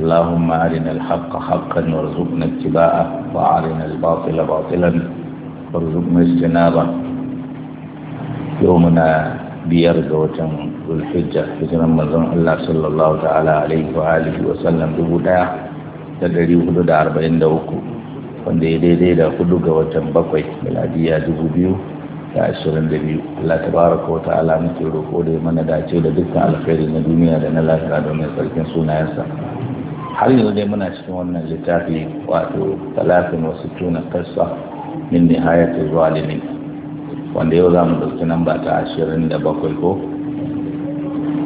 اللهم أرنا الحق حقا وارزقنا اتباعه وأرنا الباطل باطلا وارزقنا اجتنابه يومنا biyar ga watan zulhijja hijiran manzon Allah sallallahu ta'ala alaihi wa alihi wa sallam dubu daya da dari hudu da arba'in da uku wanda ya daidai da hudu ga watan bakwai miladiya dubu biyu da ashirin da biyu Allah tabaraka wa ta'ala muke roƙo da mana dace da dukkan alkhairi na duniya da na lafiya domin sarkin sunayensa har yanzu dai muna cikin wannan littafi wato talatin wasu tuna kasa min nihayatul zalimin wanda yau za mu ɗauki nan ba ta ashirin da bakwai ko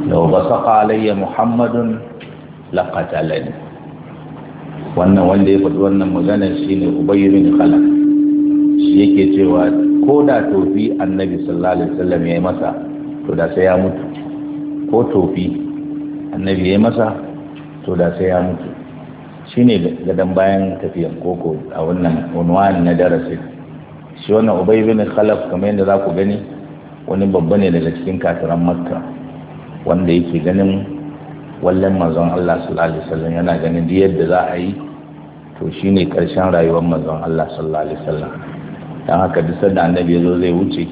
lau ba saka alayya muhammadun laƙatalani wannan wanda ya faɗi wannan maganar shine ubayyumin kala. shi yake cewa ko da tofi annabi sallallahu alaihi wasallam ya yi masa to da sai ya mutu ko tofi annabi ya yi masa to da sai ya mutu shi ne gadon bayan tafiyan koko a wannan unwani na darasin shi wannan ubay bin khalaf kamar yadda za ku gani wani babba ne daga cikin kafiran makka wanda yake ganin wallan manzon Allah sallallahu alaihi wasallam yana ganin da yadda za a yi to shine karshen rayuwar manzon Allah sallallahu alaihi wasallam dan haka duk sanda annabi ya zo zai wuce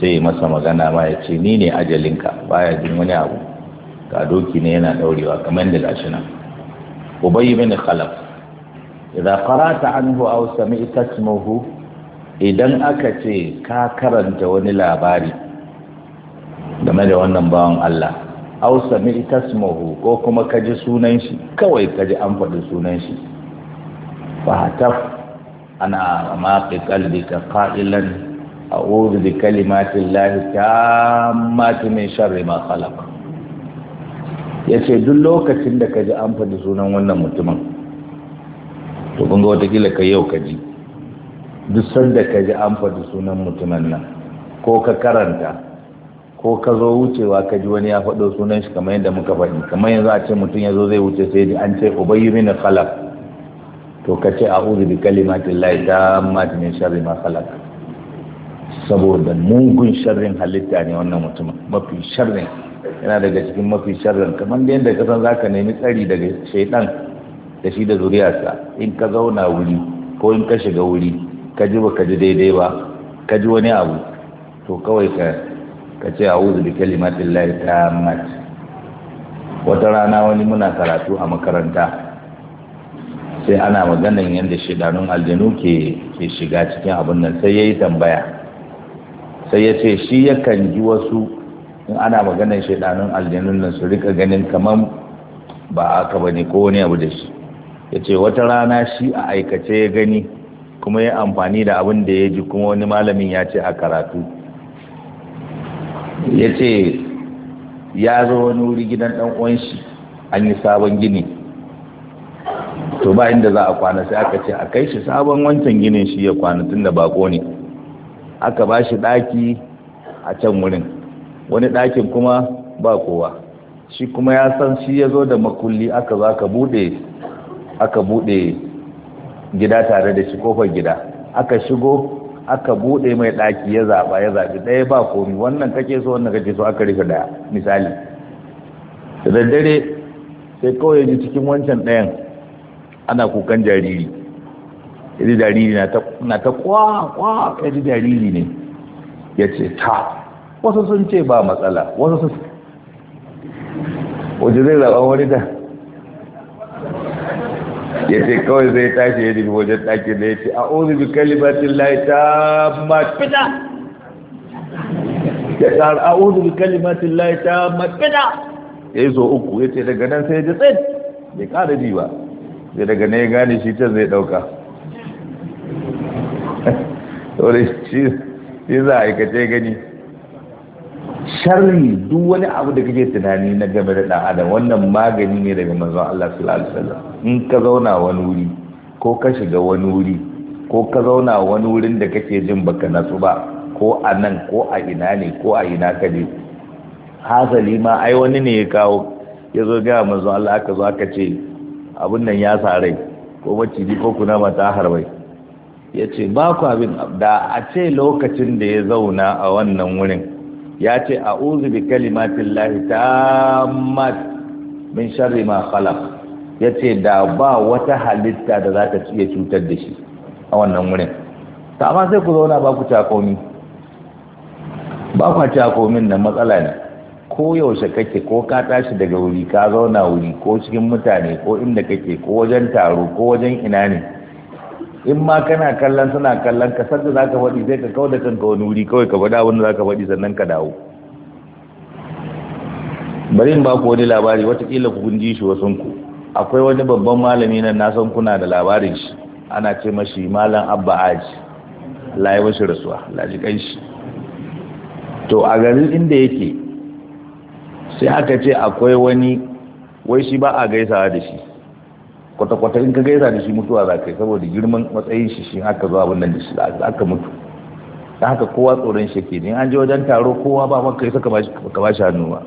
sai masa magana ma ya ce ni ne ajalinka baya jin wani abu ga doki ne yana daurewa kamar da gashi nan ubay bin khalaf idza qara'ta anhu aw sami'ta ismuhu idan aka ce ka karanta wani labari game da wannan bawan Allah aw sami'ta ismuhu ko kuma ka ji sunan shi kawai ka ji an faɗi sunan shi fa ta ana maƙi ƙalbika ƙa'ilan a wuri da kalimatin ta min sharri ma khalaqa ya ce duk lokacin da ka ji an faɗi sunan wannan mutumin to kun ga watakila ka yau ka ji duk sanda ka ji an faɗi sunan mutumin nan ko ka karanta ko ka zo wucewa ka ji wani ya faɗo sunan shi kamar yadda muka faɗi kamar yanzu a ce mutum ya zo zai wuce sai ji an ce ubayyu mini khalaq to ka ce uzu bi ta mati min sharri ma khalaq saboda mugun sharrin halitta ne wannan mutumin mafi sharrin yana daga cikin mafi sharrin kamar da yadda kasan za ka nemi tsari daga shaidan da shi da zuriyarsa in ka zauna wuri ko in ka shiga wuri ka ji ba ka ji daidai ba ka ji wani abu to kawai ka ka ce wuzu da kalimatin ta mat. wata rana wani muna karatu a makaranta sai ana maganan yadda shidanun aljanu ke ke shiga cikin abin nan sai ya yi tambaya sai ya ce shi yakan ji wasu in ana maganar shaidanun aljanun nan su rika ganin kamar ba aka bane ko wani abu da shi ya ce wata rana shi a aikace ya gani kuma ya amfani da abin da ya ji kuma wani malamin ya ce a karatu ya ce ya zo wani wuri gidan dan uwanshi an yi sabon gini to ba inda za a kwana sai aka ce a kai shi sabon wancan ginin shi ya kwana tun da bako ne aka ba shi ɗaki a can wurin wani ɗakin kuma ba kowa shi kuma ya san shi ya zo da makulli aka za ka buɗe aka buɗe gida tare da shi kofar gida aka shigo aka buɗe mai ɗaki ya zaɓa ya zaɓi ɗaya ba komi wannan kake so wannan kake so aka rufe ɗaya misali da daddare sai kawai ji cikin wancan ɗayan ana kukan jariri ya ji jariri na ta kwa kwa ya ji jariri ne ya ce ta wasu sun ce ba matsala wasu sun wajen zai zaɓa wani da ya ce kawai zai tashi ya jini wajen ɗaki da ya ce a ozi bi kalibatin laita ta mafita ya tsara a ozi bi kalibatin laita ta mafita ya yi so uku ya ce daga nan sai ya ji ya ƙara ji ba sai daga nan ya gane shi can zai ɗauka saboda shi za a aikace gani sharri duk wani abu da kake tunani na game da ɗan adam wannan magani ne daga manzon Allah sallallahu alaihi wasallam in ka zauna wani wuri ko ka shiga wani wuri ko ka zauna wani wurin da kake jin baka natsu ba ko a nan ko a ina ne ko a ina ka je hasali ma ai wani ne ya kawo ya zo gaya manzon Allah aka zo aka ce abin nan ya sa rai ko maciji ko kuna mata harbai Yace ce ba ku abin da a ce lokacin da ya zauna a wannan wurin ya ce a uzu bi kalimatin lahi ta min sharri ma khalaq ya ce da ba wata halitta da za ta iya cutar da shi a wannan wurin ta amma sai ku zauna ba ku takomi ba ku takomin nan matsala ne ko yaushe kake ko ka tashi daga wuri ka zauna wuri ko cikin mutane ko inda kake ko wajen taro ko wajen ina ne in ma kana kallon suna kallon ka sanda za ka faɗi sai ka kawo da kanka wani wuri kawai ka faɗa wanda za ka faɗi sannan ka dawo bari in ba ku wani labari watakila ku kun shi wasan ku akwai wani babban malami nan na san kuna da labarin shi ana ce mashi malam abba aji layi rasuwa laji shi. to a garin inda yake sai aka ce akwai wani wai shi ba a gaisawa da shi kwata-kwata in ka gaisa da shi mutuwa za ka yi saboda girman matsayin shi shi haka zuwa abin da shi aka mutu da haka kowa tsoron shi ke ne an je wajen taro kowa ba maka yi saka ba shi hannu ba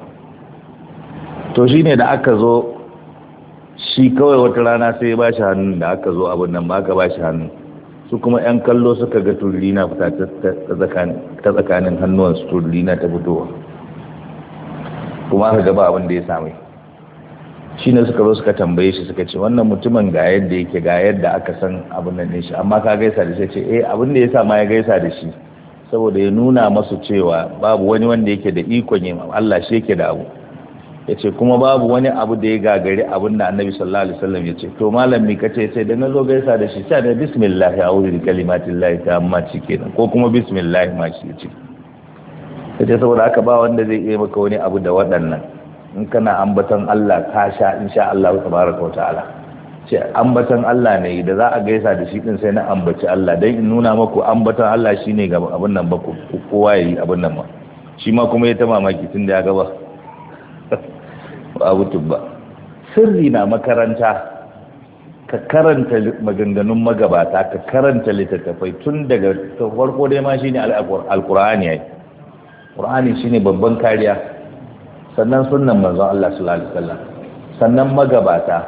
to shi ne da aka zo shi kawai wata rana sai ba shi hannu da aka zo abin nan ba aka ba shi hannu su kuma yan kallo suka ga turli fita ta tsakanin hannuwansu turli ta fitowa kuma aka gaba abin da ya same shi ne suka zo suka tambaye shi suka ce wannan mutumin ga yadda yake ga yadda aka san abin nan shi amma ka gaisa da shi ce eh abin da yasa ma ya gaisa da shi saboda ya nuna masu cewa babu wani wanda yake da ikon yin Allah shi yake da abu ya ce kuma babu wani abu da ya gagari abin da annabi sallallahu alaihi wasallam ya ce to malam mi kace sai da na zo gaisa da shi sai da bismillah a'udhu bi amma shi kenan ko kuma bismillah ma shi ce sai saboda aka ba wanda zai iya maka wani abu da waɗannan in kana ambaton Allah ka sha insha Allah tabaraka wa ta'ala ce ambaton Allah ne da za a gaisa da shi din sai na ambaci Allah dan in nuna maku ambaton Allah shine ga abin nan ba ku kowa yi abin nan ma shi ma kuma ya ta mamaki tun da ya gaba abu tubba sirri na makaranta ka karanta maganganun magabata ka karanta littattafai tun daga farko dai ma shine alqur'ani yayi qur'ani shine babban kariya sannan sunan manzon Allah sallallahu alaihi wasallam sannan magabata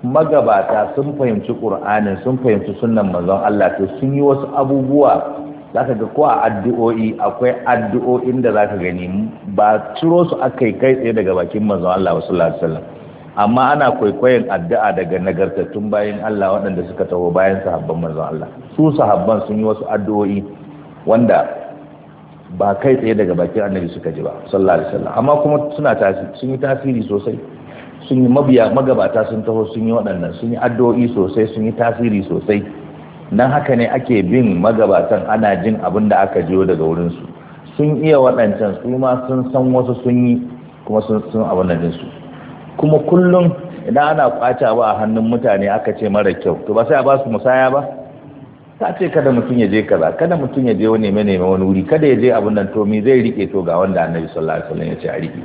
magabata sun fahimci Qur'anin sun fahimci sunan manzon Allah to sun yi wasu abubuwa zaka ga ko a addu'o'i akwai addu'o'in da zaka gani ba ciro su akai kai tsaye daga bakin manzon Allah sallallahu alaihi wasallam amma ana kwaikwayon addu'a daga nagartattun bayan Allah waɗanda suka taho bayan sahabban manzon Allah su sahabban sun yi wasu addu'o'i wanda ba kai tsaye daga bakin annabi suka ji ba sallallahu alaihi wasallam amma kuma suna tasiri sun yi tasiri sosai sun yi mabiya magabata sun taho sun yi waɗannan sun yi addu'o'i sosai sun yi tasiri sosai dan haka ne ake bin magabatan ana jin abin da aka jiyo daga wurin su sun iya waɗancan su ma sun san wasu sun yi kuma sun sun abin da su kuma kullum idan ana kwata a hannun mutane aka ce mara kyau to ba sai a ba su musaya ba ta ce kada mutum ya je kaza kada mutum ya je wani neme neme wani wuri kada ya je abin nan to me zai rike to ga wanda annabi sallallahu alaihi wasallam ya ce a rike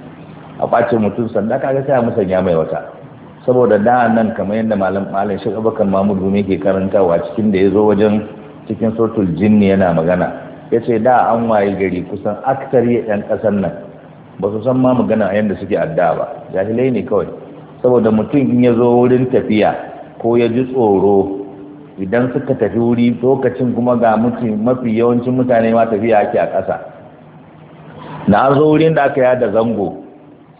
a bace mutum sanda kaga sai a musanya mai wata saboda da nan kamar yadda malam malam shi abakan mahmud gumi ke karantawa cikin da ya zo wajen cikin sotul jinni yana magana yace da an waye gari kusan aktari yan kasar nan ba su san ma magana a yadda suke adda ba jahilai ne kawai saboda mutum in ya zo wurin tafiya ko ya ji tsoro idan suka tafi wuri lokacin kuma ga mafi yawancin mutane ma tafiya ake a ƙasa na zo wurin da aka yada zango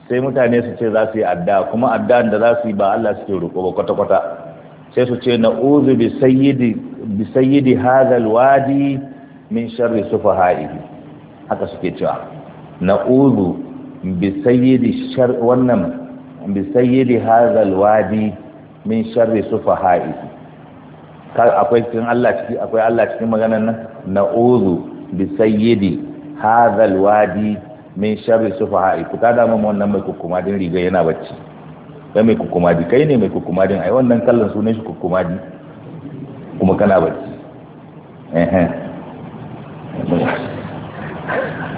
sai mutane su ce za su yi adda kuma adda da za su yi ba Allah suke roƙo ba kwata-kwata sai su ce na uzu bi sayyidi hazal wadi min sharri ha'ihi haka suke cewa na uzu bi sayyidi wannan bi sayyidi hazal wadi min sharri ha'ihi akwai cikin Allah ciki akwai Allah cikin maganar nan na'udhu bi sayyidi hadha alwadi min sharri sufaha'i ku kada mu wannan mai kukumadin riga yana bacci kai mai kukumadi kai ne mai kukumadin ai wannan kallon ne shi kukumadi kuma kana bacci eh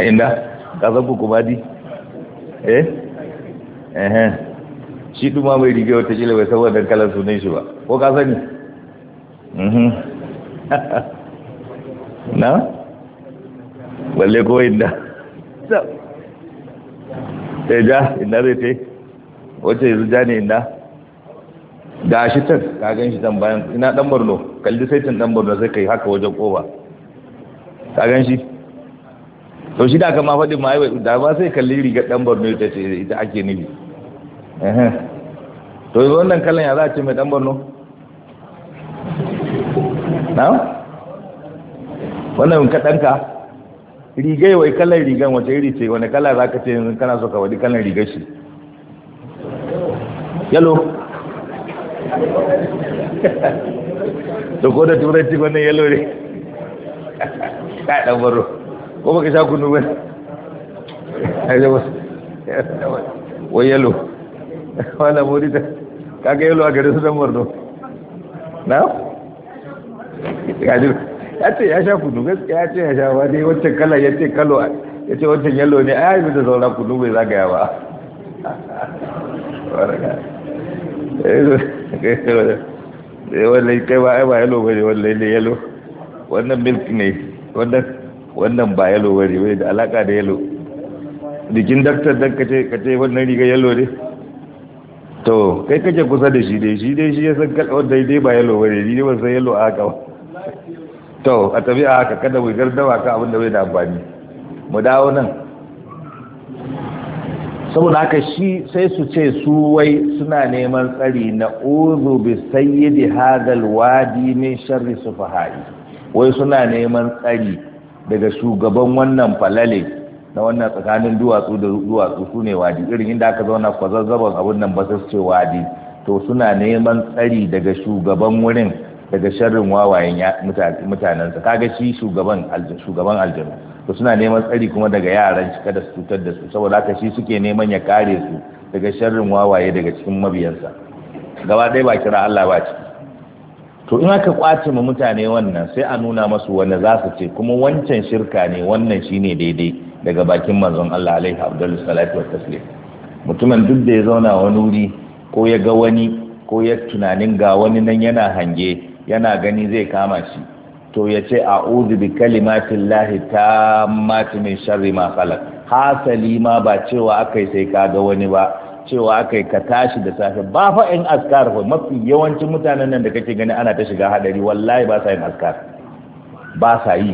eh inda ka san kukumadi eh eh shi duma mai riga wata kila bai san wannan kallon ne shi ba ko ka sani Mhm. na balle ko inda Ta eh, ja inda zai te wace yanzu ja ne inda ga shi can ka gan shi can bayan ina dan barno kalli sai can dan barno sai kai haka wajen koba ka gan shi to shi da aka ma faɗin ma da ba sai kalli riga dan barno ita ce ita ake nufi eh, eh. to yanzu wannan kallon ya za a ce mai dan barno? na? wannan ka ɗanka rigai wai kalar rigan wace iri ce wani kala za ka ce yanzu kana so ka wadi kalar rigar shi yalo da ko da turanci wannan yalo ne ka baro ko baka sha kunu ba wai yalo wani mori ta kaga yalo a garin su don na? ya ce ya sha kudu gaskiya ya ce ya sha wani wancan kala ya ce kalo ya ce wancan yalo ne a yi da sauran kudu bai zagaya ba eh, wallai kai ba ai ba yalo bane wallai ne yalo wannan milk ne wannan ba yalo bane bai da alaka da yalo jikin daktar dan kace kace wannan riga yalo ne to kai kace kusa da shi dai shi dai shi ya san kalwar daidai ba yalo bane ni ne ban san yalo a haka ba to a tabi'a haka kada mu gardawa ka abin da bai da amfani mu dawo nan saboda haka shi sai su ce su wai suna neman tsari na uzu bi sayyidi hadal wadi min sharri sufahai wai suna neman tsari daga shugaban wannan falale na wannan tsakanin duwatsu da duwatsu su wadi irin inda aka zauna kwazazzaban abin nan ba su ce wadi to suna neman tsari daga shugaban wurin daga sharrin wawayen mutanensa kaga shi shugaban aljanu to suna neman tsari kuma daga yaran shi kada su cutar da su saboda haka shi suke neman ya kare su daga sharrin wawaye daga cikin mabiyansa gaba ɗaya ba kira Allah ba ciki to in aka kwace ma mutane wannan sai a nuna masu wanda za su ce kuma wancan shirka ne wannan shine daidai daga bakin manzon Allah alaihi abdullahi salatu wassalam mutumin duk da ya zauna wani wuri ko ya ga wani ko ya tunanin ga wani nan yana hange yana gani zai kama shi to ya ce a uzu bi kalimatin lahi mati mai sharri ma khalaq hasali ma ba cewa yi sai kaga wani ba cewa yi ka tashi da safe ba fa in askar ko mafi yawancin mutanen nan da kake gani ana ta shiga hadari wallahi ba sa yin askar ba sa yi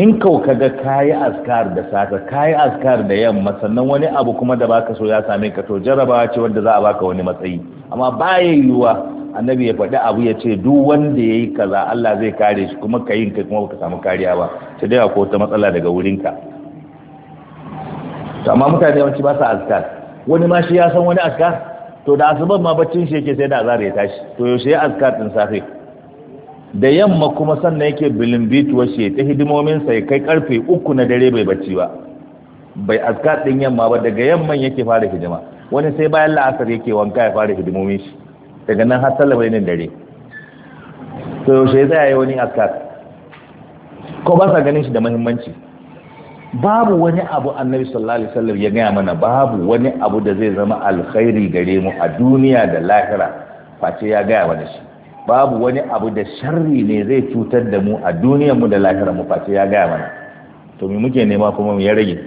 in kau kaga kayi askar da safe kayi askar da yamma sannan wani abu kuma da baka so ya same ka to jarabawa ce wanda za a baka wani matsayi amma ba yiwuwa annabi ya faɗi abu ya ce duk wanda ya yi kaza Allah zai kare shi kuma ka yi ka kuma ka samu kariya ba ta da ko ta matsala daga wurinka to amma mutane yawanci ba sa wani ma shi ya san wani askar to da asuban ma baccin shi yake sai da azar ya tashi to yaushe ya askar din safe da yamma kuma sannan yake bilimbitu shi ta hidimomin sa ya kai karfe uku na dare bai bacci ba bai askar din yamma ba daga yamman yake fara hidima wani sai bayan la'asar yake wanka ya fara hidimomin shi daga nan har sallah bayanin dare to yaushe ya tsaya wani askar ko ba sa ganin shi da muhimmanci babu wani abu annabi sallallahu alaihi wasallam ya gaya mana babu wani abu da zai zama alkhairi gare mu a duniya da lahira face ya gaya mana shi babu wani abu da sharri ne zai cutar da mu a duniyar mu da lahira mu face ya gaya mana to me muke nema kuma mu ya rage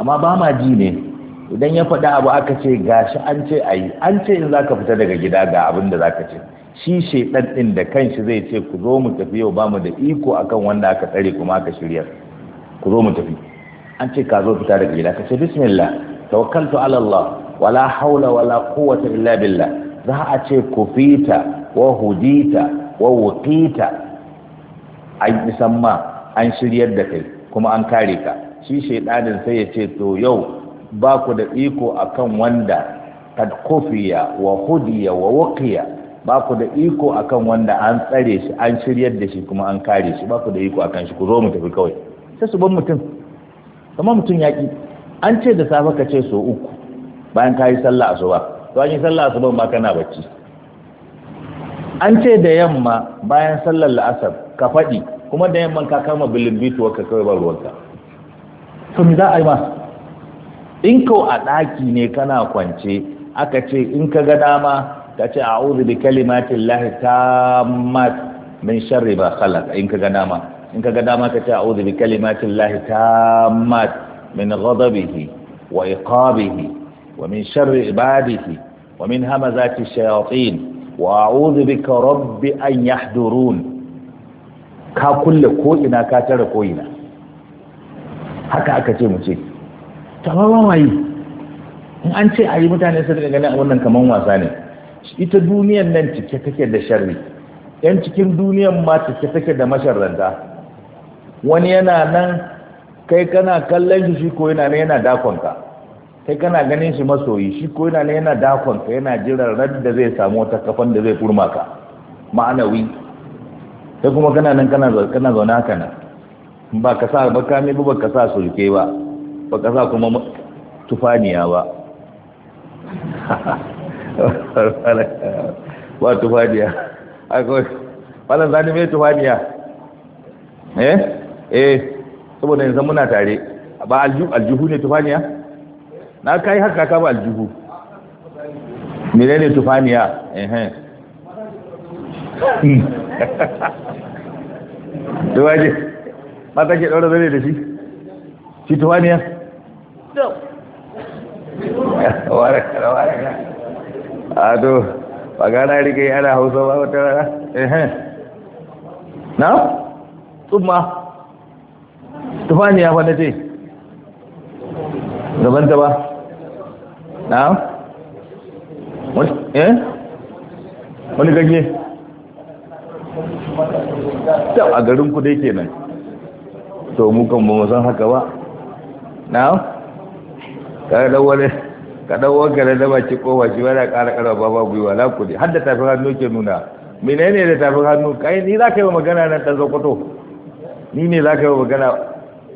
amma ba ma ji ne idan ya faɗi abu aka ce gashi an ce a yi an ce in za ka fita daga gida ga abin da za ka ce shi shaidan ɗin da kanshi zai ce ku zo mu tafi yau ba mu da iko akan wanda aka tsare kuma aka shirya ku zo mu tafi an ce ka zo fita daga gida ka ce bismillah tawakkaltu ala Allah wala haula wala quwwata illa billah za a ce kufita wa hudita wa wuqita an isan ma an shiryar da kai kuma an kare ka shi shaidanin sai ya ce to yau ba ku da iko akan wanda kad kufiya wa hudiya wa waqiya ba ku da iko akan wanda an tsare shi an shiryar da shi kuma an kare shi ba ku da iko akan shi ku zo mu tafi kawai sai su ban mutum kamar mutum yaki an ce da safe ka ce so uku bayan ka yi sallah asuba to an yi sallah asuba ba kana bacci an ce da yamma bayan sallar la'asar ka faɗi kuma da yamman ka kama bilin bituwa ka kawai ba ruwanka to me za a yi ma in kau a ɗaki ne kana kwance aka ce in ka ga dama ka ce a'udhu bi kalimatin lahi mat min sharri ma khalaq in ka ga dama in ka ga dama ka ce a a'udhu bi kalimatin lahi tammat min ghadabihi wa iqabihi wa min sharri ibadihi wa min hamazati shayatin wa a'udhu bika rabbi an yahdurun ka kulle ko ina ka tare ko ina haka aka ce mu ce tawa ba ma yi in an ce a yi mutane su daga ganin wannan kamar wasa ne ita duniyan nan cike take da sharri yan cikin duniyan ma cike take da masharranta wani yana nan kai kana kallon shi ko yana nan yana dakonka kai kana ganin shi masoyi shi ko yana nan yana dakonka yana jiran rad da zai samu wata kafan da zai kurma ka ma'anawi sai kuma kana nan kana zaune haka nan ba ka sa ba kame ba ka sa sulke ba ba kasa kuma tufaniya ba ba tufaniya akwai wannan zani mai tufaniya eh eh saboda yanzu muna tare ba aljuhu ne tufaniya na kai haka kama aljihu aljuhu ne tufaniya eh eh mata ke ɗaura zane da shi shi tufaniya? a to ba gana rike yana hausa ba wata rana ehen na tsumma ne ya fada ce gabanta ba na wani eh? gage ta a garin ku dai kenan to mukan ba mu san haka ba na kaɗan wani kaɗan wanka da dama ci kowa shi wani ƙara ƙara ba ba gwiwa na kuɗi har da tafin hannu ke nuna menene da tafin hannu kai ni za ka yi wa magana nan ta zokoto ni ne za ka yi wa magana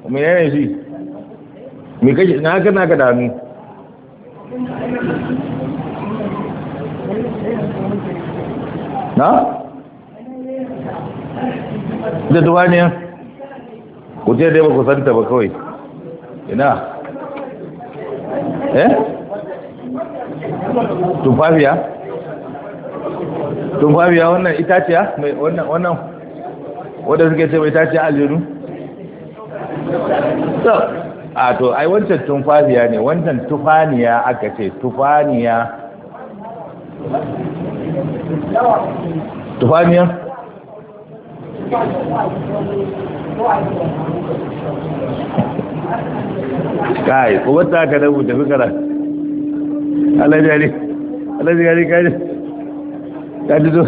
menene shi me kake na haka naka da hannu na? da duwaniya ku ce dai ba ku santa ba kawai ina eh tufafiya wannan itaciya mai wannan wannan wanda suke ce mai itaciya aljinu so a to ai wancan tufafiya ne wancan tufaniya aka ce tufaniya tufaniya kai kuma ta ka da buta fi kara alaji ali alaji ali kaji ta ji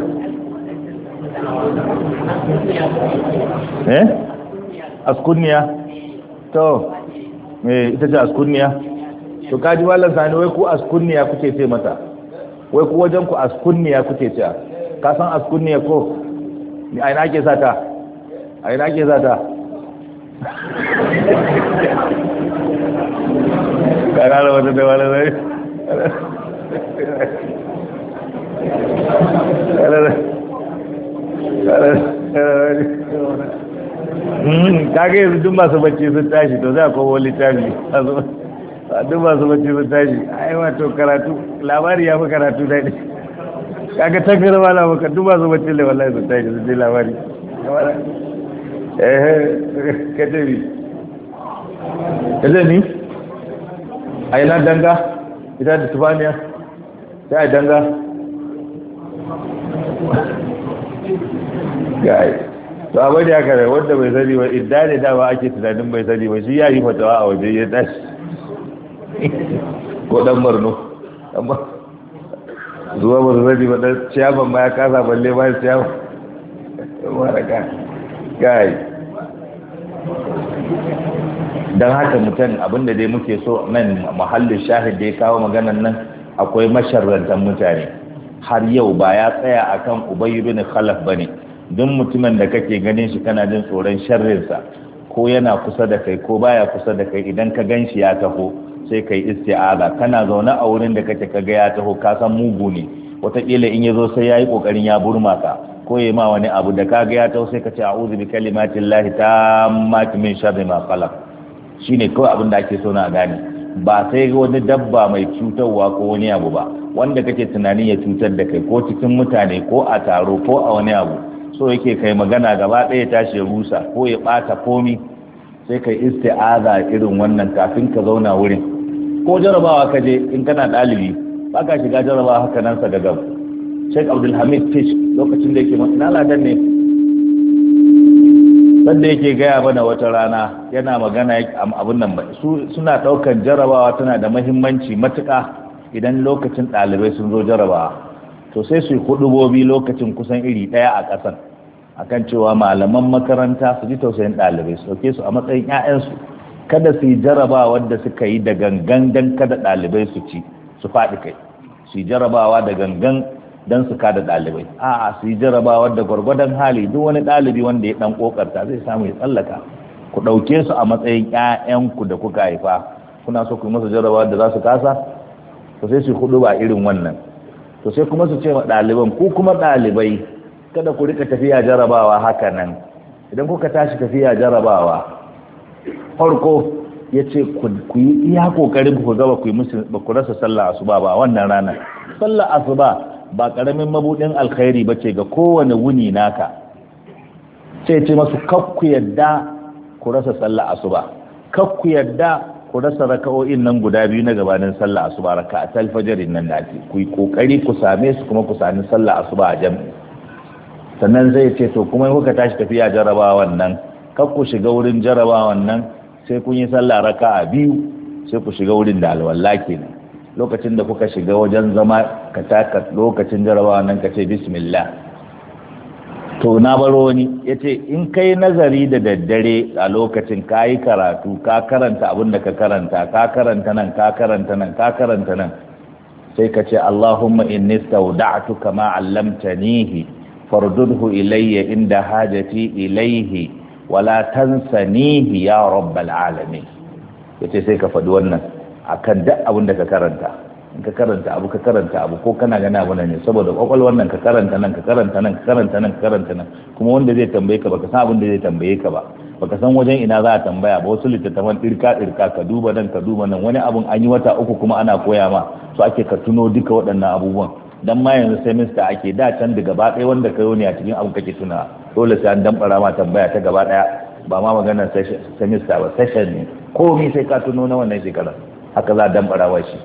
eh askunniya to me ita ce askunniya to kaji wallan sani wai ku askunniya kuke ce mata wai ku wajen ku askunniya kuke ce ka san askunniya ko a ina ake sata a ina ake sata a wata da wani rai kaga yanzu duk masu bacci sun tashi to za a littafi duk masu bacci sun tashi ai karatu labari ya fi karatu daɗi kaga duk tashi sun je labari eh, eh, a yi nan danga ita da tubaniya ta yi danga gai to abu da ya kare wanda bai zari ba idda ne dama ake tunanin bai zari ba shi ya yi fatawa a waje ya tashi ko dan marno amma zuwa ba zari ba dan ciyaman ma ya kasa balle ba ciyaman ga da gai don haka abin da dai muke so nan muhallin shahid da ya kawo maganar nan akwai masharrantan mutane har yau ba ya tsaya akan ubayyu bin khalaf ne. duk mutumin da kake ganin shi kana jin tsoron sharrinsa ko yana kusa da kai ko baya kusa da kai idan ka gan shi ya taho sai kai isti'aza kana zaune a wurin da kake kaga ya taho ka san mugu ne wataƙila in ya zo sai ya yi ƙoƙarin ya burma ka ko ya ma wani abu da kaga ya taho sai ka ce a'udhu bi kalimatillahi tammati min sharri ma khalaq Shi ne kawai abin da ake so na gane ba sai wani dabba mai cutarwa ko wani abu ba wanda kake tunani ya cutar da kai ko cikin mutane ko a taro ko a wani abu so yake kai magana gaba ɗaya tashi rusa ko ya ɓata komi sai kai isti'aza irin wannan kafin ka zauna wurin ko jarabawa ka je in kana ɗalibi ba ka shiga jarabawa haka nan sa gagab Sheikh Abdulhamid Fish lokacin da yake masu naladan ne wanda yake gaya mana wata rana yana magana abin nan suna daukan jarabawa tana da mahimmanci matuka idan lokacin ɗalibai sun zo jarabawa to sai su hudubobi lokacin kusan iri ɗaya a ƙasan akan cewa malaman makaranta su ji tausayin ɗalibai su ɗauke su a matsayin 'ya'yansu kada su yi jarabawa da suka yi da gangan don kada ɗalibai su ci su faɗi kai su yi jarabawa da gangan don su kada ɗalibai a'a su yi jarabawar da gwargwadon hali duk wani ɗalibi wanda ya ɗan ƙoƙarta zai samu ya tsallaka ku ɗauke su a matsayin ƴaƴanku da kuka haifa kuna so ku masa jarabawar da za su kasa to sai su hudu ba irin wannan to sai kuma su ce wa ɗaliban ku kuma ɗalibai kada ku rika tafiya jarabawa haka nan idan kuka tashi tafiya jarabawa farko ya ce ku yi iya kokarin ku gaba ku yi musu ba ku rasa sallah asuba ba wannan ranar sallah asuba ba ƙaramin mabuɗin alkhairi ba ce ga kowane wuni naka sai ce masu kakku yadda ku rasa sallah asuba kakku yadda ku rasa raka'o'in nan guda biyu na gabanin sallah asuba raka a talfajarin nan nafi ku yi kokari ku same su kuma ku sami sallah asuba a jam'i sannan zai ce to kuma kuka tashi tafiya jarabawan nan kakku shiga wurin jarabawan nan sai kun yi sallah raka'a biyu sai ku shiga wurin da alwallaki kenan lokacin da kuka shiga wajen zama ka taka lokacin jarabawa nan ka ce bismillah to na baro wani ya ce in kai nazari da daddare a lokacin ka yi karatu ka karanta abin da ka karanta ka karanta nan ka karanta nan ka karanta nan sai ka ce Allahumma inni stauda'tu kama nihi fardudhu ilayya inda hajati ilayhi wala tansanihi ya rabbal alamin yace sai ka faɗi wannan akan duk abin da ka karanta in ka karanta abu ka karanta abu ko kana gana abu ne saboda kwakwalwar nan ka karanta nan ka karanta nan ka karanta nan ka karanta nan kuma wanda zai tambaye ka baka san abin da zai tambaye ka ba baka san wajen ina za a tambaya ba wasu littattafan ɗirka ɗirka ka duba nan ka duba nan wani abun an yi wata uku kuma ana koya ma so ake ka tuno duka waɗannan abubuwan dan ma yanzu sai mista ake da can da gaba ɗaya wanda ka ne a cikin abu kake tuna dole sai an damɓara ma tambaya ta gaba ɗaya ba ma maganar mista ba session ne komi sai ka tuno na wannan shekarar haka za a dambarawa shi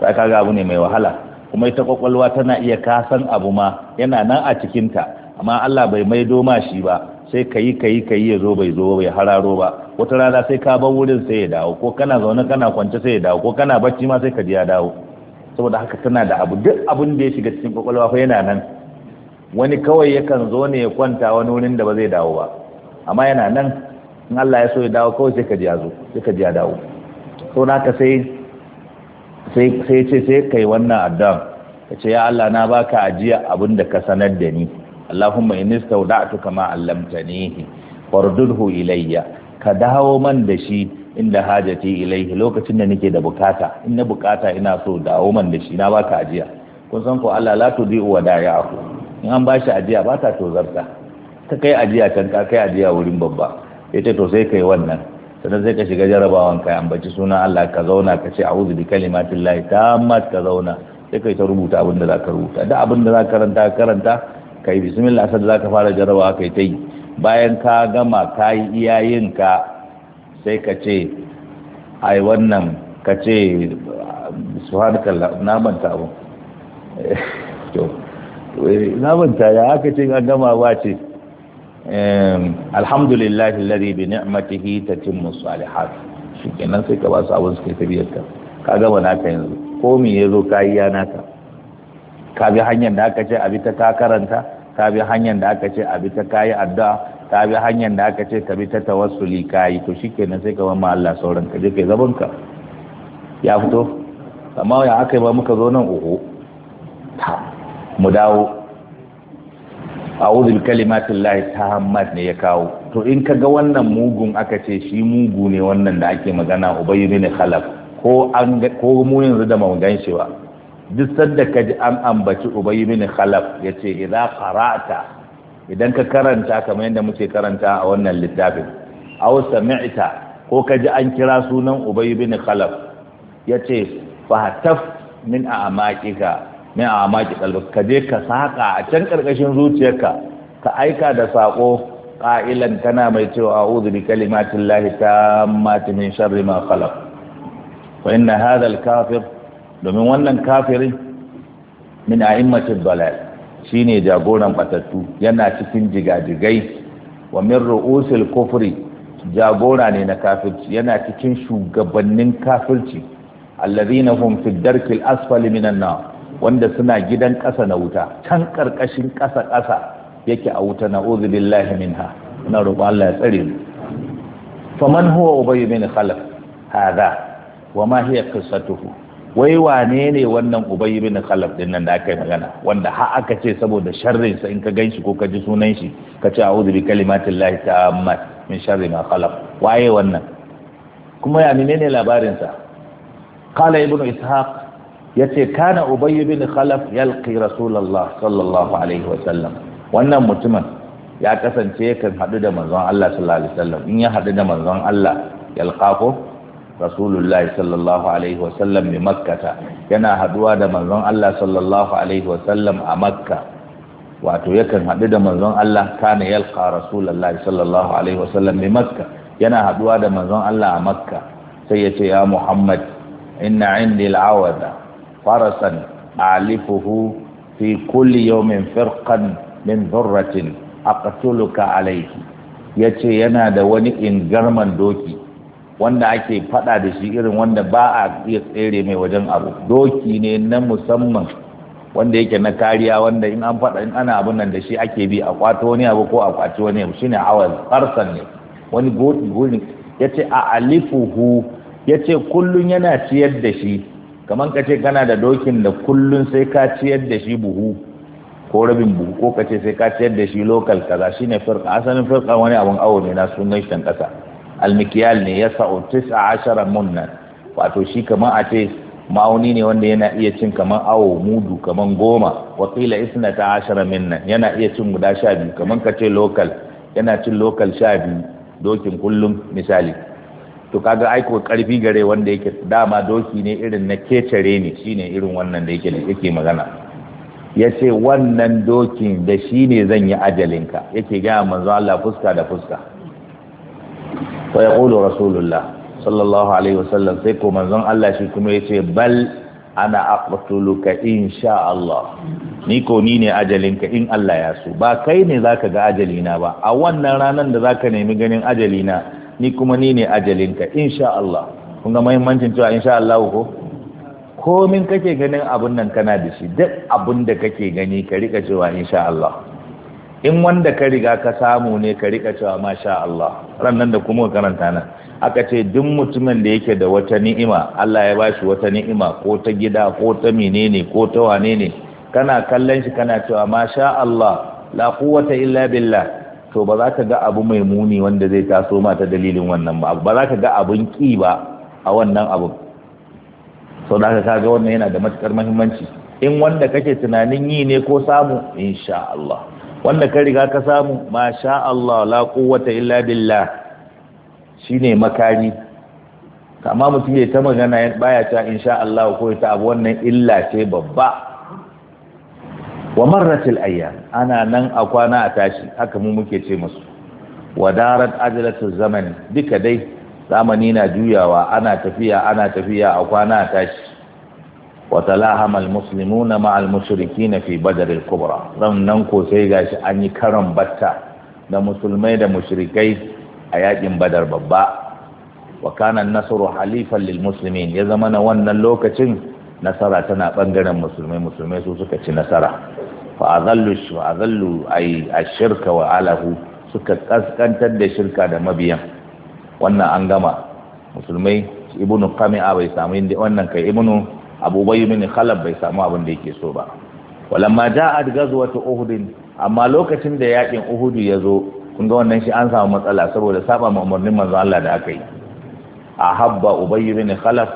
ta kaga abu ne mai wahala kuma ita kwakwalwa tana iya kasan abu ma yana nan a cikinta amma Allah bai maido ma shi ba sai kayi kayi kayi ya zo bai zo bai hararo ba wata rana sai ka bar wurin sai ya dawo ko kana zaune kana kwance sai ya dawo ko kana bacci ma sai ka ji ya dawo saboda haka tana da abu duk abin da ya shiga cikin kwakwalwa fa yana nan wani kawai yakan zo ne ya kwanta wani wurin da ba zai dawo ba amma yana nan in Allah ya so ya dawo kawai sai ka ji ya zo sai ka ji ya dawo so na ka sai sai ce sai kai wannan addu'a ka ce ya Allah na baka ajiya abin da ka sanar da ni Allahumma inni stauda'tu kama allamtanihi fardudhu ilayya ka dawo man da shi inda hajati ilayhi lokacin da nake da bukata in na bukata ina so dawo man da shi na baka ajiya kun san ko Allah la di'u wa ku in an ba shi ajiya ba ta tozarta ka kai ajiya can ka kai ajiya wurin babba ce to sai kai wannan sannan sai ka shiga jarabawan ka ambaci sunan Allah ka zauna ka ce a'udhu bi kalimatin lahi tammat ka zauna sai kai ta rubuta abin da zaka rubuta da abin da zaka karanta karanta kai bismillah sai zaka fara jarabawa kai ta yi bayan ka gama kai iyayen ka sai ka ce ai wannan ka ce subhanakallah na manta abu to eh, na manta ya aka ce an gama ba ce alhamdulillahi lari bi ni'matihi tatimmu salihat shikenan sai ka ba su abin su kai ka ka gama naka yanzu ko ya zo ka yi ya naka ka bi hanyar da aka ce abi ta ka karanta ka bi hanyar da aka ce abi ta yi addu'a ka bi hanyar da aka ce ka bi ta tawassuli likayi. to shikenan sai ka ma Allah sauran ka je kai zaban ka ya fito amma ya aka yi ba muka zo nan oho ta mu dawo a'udhu kalimatin lahi tahammat ne ya kawo to in ka ga wannan mugun aka ce shi mugu ne wannan da ake magana ubayy bin khalaf ko an ko mu yanzu da magan shi ba duk sanda ka ji an ambaci ubayy bin khalaf yace idza qara'ta idan ka karanta kamar yadda muke karanta a wannan littafin aw sami'ta ko ka ji an kira sunan ubayy bin khalaf yace fa taf min a'maqika min a maki kalbi ka je ka saka a can karkashin zuciyarka ka aika da sako qailan kana mai cewa a'udhu bi kalimatin lahi tammati min sharri ma khalaq fa inna hadha al-kafir domin wannan kafirin min a'immatid dalal shine jagoran batattu yana cikin jigajigai wa min ru'usil kufri jagora ne na kafirci yana cikin shugabannin kafirci allazina hum fi darkil asfali minan nar wanda suna gidan ƙasa na wuta can ƙarƙashin ƙasa ƙasa yake a wuta na billahi minha ina roƙon Allah ya tsare mu faman huwa ubay bin khalaf hada wa ma hiya qissatuhu wai wane ne wannan ubay bin khalaf din nan da aka yi magana wanda har aka ce saboda sharrin sa in ka ganshi ko ka ji sunan shi ka ce a'udhu bi kalimatillahi ta'ammat min sharri ma khalaf. waye wannan kuma ya menene labarin sa qala ibnu ishaq ya yace kana ubay bin khalaf yalqi rasulullah sallallahu alaihi wasallam wannan mutumin ya kasance kan hadu da manzon Allah sallallahu alaihi wasallam in ya hadu da manzon Allah yalqahu rasulullahi sallallahu alaihi wasallam bi makkata yana haduwa da manzon Allah sallallahu alaihi wasallam a makka wato yakan hadu da manzon Allah kana yalqa rasulullahi sallallahu alaihi wasallam bi makka yana haduwa da manzon Allah a makka sai ya ce ya muhammad inna indi al'awada farasan alifuhu fi kulli yawmin firqan min dhurratin aqtuluka alayhi yace yana da wani ingarman doki wanda ake fada da shi irin wanda ba a iya tsere mai wajen abu doki ne na musamman wanda yake na kariya wanda in an fada in ana abun nan da shi ake bi a kwato wani abu ko a kwaci wani abu shine awal farsan ne wani gori ya ce a alifuhu ya ce kullum yana ciyar da shi kamar ka ce kana da dokin da kullun sai ka ciyar da shi buhu ko rabin buhu ko ka ce sai ka ciyar da shi lokal kaza ne firka asalin firka wani abun awo ne na sunan shi kasa almikiyal ne ya tisa ashara munnan wato shi kamar a ce ma'auni ne wanda yana iya cin kamar awo mudu kamar goma wakila isna ta ashara minnan yana iya cin guda sha biyu kamar ka ce lokal yana cin lokal sha biyu dokin kullum misali to kaga aiko karfi gare wanda yake dama doki ne irin na kecere ne shine irin wannan da yake yake magana yace wannan dokin da shine zan yi ajalinka yake ga manzo Allah fuska da fuska fa yaqulu rasulullah sallallahu alaihi wasallam sai ko manzon Allah shi kuma yace bal ana aqtuluka insha Allah ni ko ni ne ajalinka in Allah ya so ba kai ne zaka ga ajalina ba a wannan ranan da zaka nemi ganin ajalina ni kuma ni ne ajalinka insha Allah kun ga muhimmancin cewa insha Allah ko komin kake ganin abun nan kana da shi duk abun da kake gani ka rika cewa insha Allah in wanda ka riga ka samu ne ka rika cewa masha Allah ran nan da kuma karanta nan aka ce duk mutumin da yake da wata ni'ima Allah ya bashi wata ni'ima ko ta gida ko ta menene ko ta wane ne kana kallon shi kana cewa masha Allah la quwwata illa billah to ba za ka ga abu mai muni wanda zai taso ma ta dalilin wannan ba ba za ka ga abun ki ba a wannan abu sau da ka ga wannan yana da matuƙar mahimmanci in wanda kake tunanin yi ne ko samu insha Allah wanda ka riga ka samu sha Allah la quwwata illa billah shine makani kama mutum ya ta magana baya ta insha Allah ko ta abu wannan illa ce babba wa marratil ayyam ana nan a kwana a tashi haka mu muke ce musu wadarat ajlatu zaman duka dai zamani na juyawa ana tafiya ana tafiya a kwana a tashi wa talahama almuslimuna ma almushrikina fi badr al-kubra dan nan ko sai gashi an yi karan batta da musulmai da mushrikai a yakin badar babba wa kana an-nasru halifan lil muslimin ya zama na wannan lokacin nasara tana bangaren musulmai musulmai su suka ci nasara fa azallu azallu ay ashirka wa alahu suka kaskantar da shirka da mabiyan wannan an gama musulmai ibnu qami'a bai samu inda wannan kai ibnu abubay bin khalab bai samu abin da yake so ba walamma ja'at wata uhud amma lokacin da yakin Uhudu ya zo kun ga wannan shi an samu matsala saboda saba ma manzo Allah da aka yi ahabba ubay bin khalaf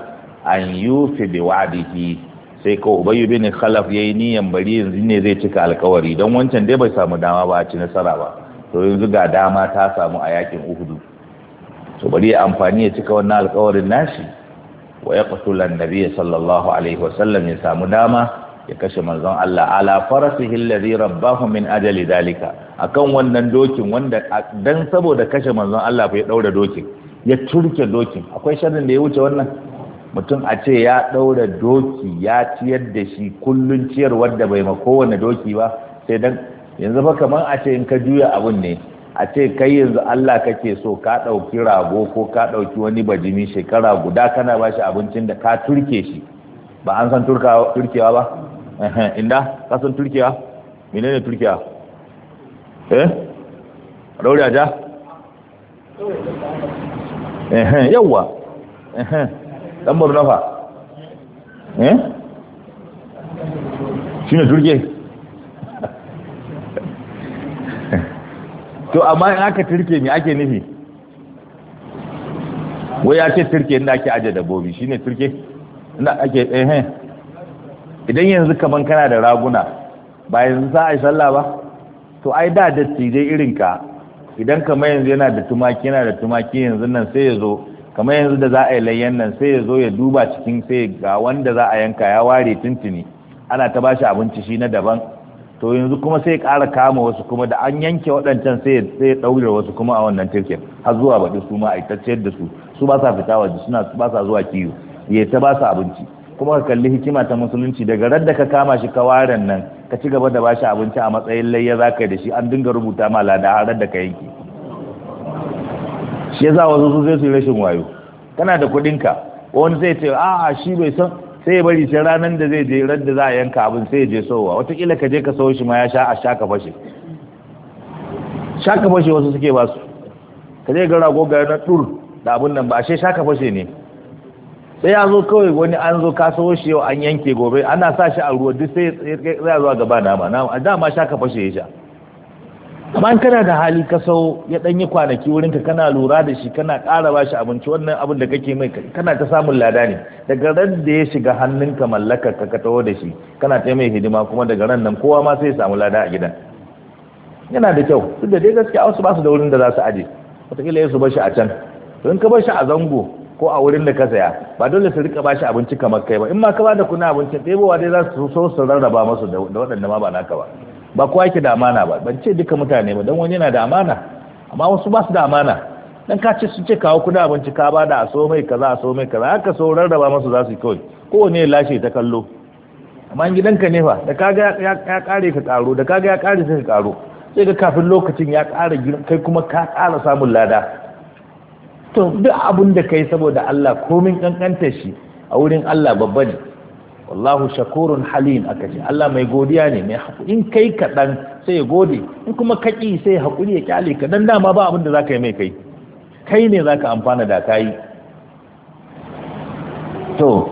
an yufi bi wa'dihi sai ko ubayu bin khalaf yayi niyan bari yanzu ne zai cika alkawari don wancan dai bai samu dama ba a ci nasara ba to yanzu ga dama ta samu a yakin uhudu to bari ya amfani ya cika wannan alkawarin nashi wa yaqtul annabi sallallahu alaihi wasallam ya samu dama ya kashe manzon Allah ala farasihi alladhi rabbahu min ajali dalika akan wannan dokin wanda dan saboda kashe manzon Allah fa ya daura dokin ya turke dokin akwai sharrin da ya wuce wannan mutum a ce ya ɗaura doki ya ciyar da shi kullun ciyarwar da bai ma kowane doki ba sai dan yanzu fa kamar a ce in ka juya abun ne a ce kai yanzu Allah kake so ka ɗauki rago ko ka ɗauki wani bajimi shekara guda kana ba shi abincin da ka turke shi ba an san turkewa ba inda ka san turkewa ne turkewa eh A ja yawwa dan nafa eh shi shine turke to amma in aka turke me ake nufi wai ake ce turke inda ake aje dabobi ne turke inda ake eh idan yanzu kaman kana da raguna ba yanzu za a yi sallah ba to ai da dattijai irinka idan kamar yanzu yana da tumaki yana da tumaki yanzu nan sai ya zo kamar yanzu da za a yi layyan nan sai ya zo ya duba cikin sai ga wanda za a yanka ya ware tuntuni ana ta bashi abinci shi na daban to yanzu kuma sai ya kara kama wasu kuma da an yanke waɗancan sai ya ɗaure wasu kuma a wannan tirkin har zuwa baɗi su ma a da su su ba sa fita waje suna ba sa zuwa kiwo ya ta ba sa abinci kuma ka kalli hikima ta musulunci daga da ka kama shi ka waren nan ka ci gaba da bashi abinci a matsayin layya za ka yi da shi an dinga rubuta ma lada har da ka yanke shi yasa wasu su zai su rashin wayo kana da kuɗinka wani zai ce a shi bai san sai bari shi ranar da zai je ran da za a yanka abin sai je sowa watakila ka je ka sawo shi ma ya sha a sha ka fashe sha ka fashe wasu suke ba su ka je ga rago ga na dur da abin nan ba ashe sha ka fashe ne sai ya zo kawai wani an zo ka sawo shi yau an yanke gobe ana sa shi a ruwa duk sai ya zuwa gaba nama a dama sha ka fashe ya sha amma in kana da hali ka sau ya ɗan yi kwanaki wurin ka kana lura da shi kana ƙara ba shi abinci wannan abin da kake mai kana ta samun lada ne daga ran da ya shiga hannunka mallakar ka ka da shi kana ta mai hidima kuma daga ran nan kowa ma sai ya samu lada a gidan yana da kyau duk da dai gaskiya wasu ba su da wurin da za su aje wataƙila ya su bar shi a can to in ka bar shi a zango ko a wurin da ka saya ba dole su rika shi abinci kamar kai ba in ma ka ba da kuna abincin ɗebowa dai za su so su rarraba masu da waɗanda ma ba naka ba ba kowa yake da amana ba ban ce duka mutane ba don wani yana da amana amma wasu ba su da amana dan ka ce su ce kawo kuɗi abinci ka ba da aso mai kaza aso mai kaza haka so rarraba masu za su yi kawai kowane ya lashe ta kallo amma gidanka ne fa da kaga ya kare ka karo da kaga ya kare sai ka karo sai ga kafin lokacin ya kara kai kuma ka kara samun lada to duk abin da kai saboda Allah komin kankanta shi a wurin Allah babba ne wallahu shakurun halin aka ce Allah mai godiya ne mai haƙuri in kai kaɗan sai ya gode in kuma kaƙi sai haƙuri ya kyale kaɗan dama ba abin da za ka yi mai kai kai ne za ka amfana da ka yi to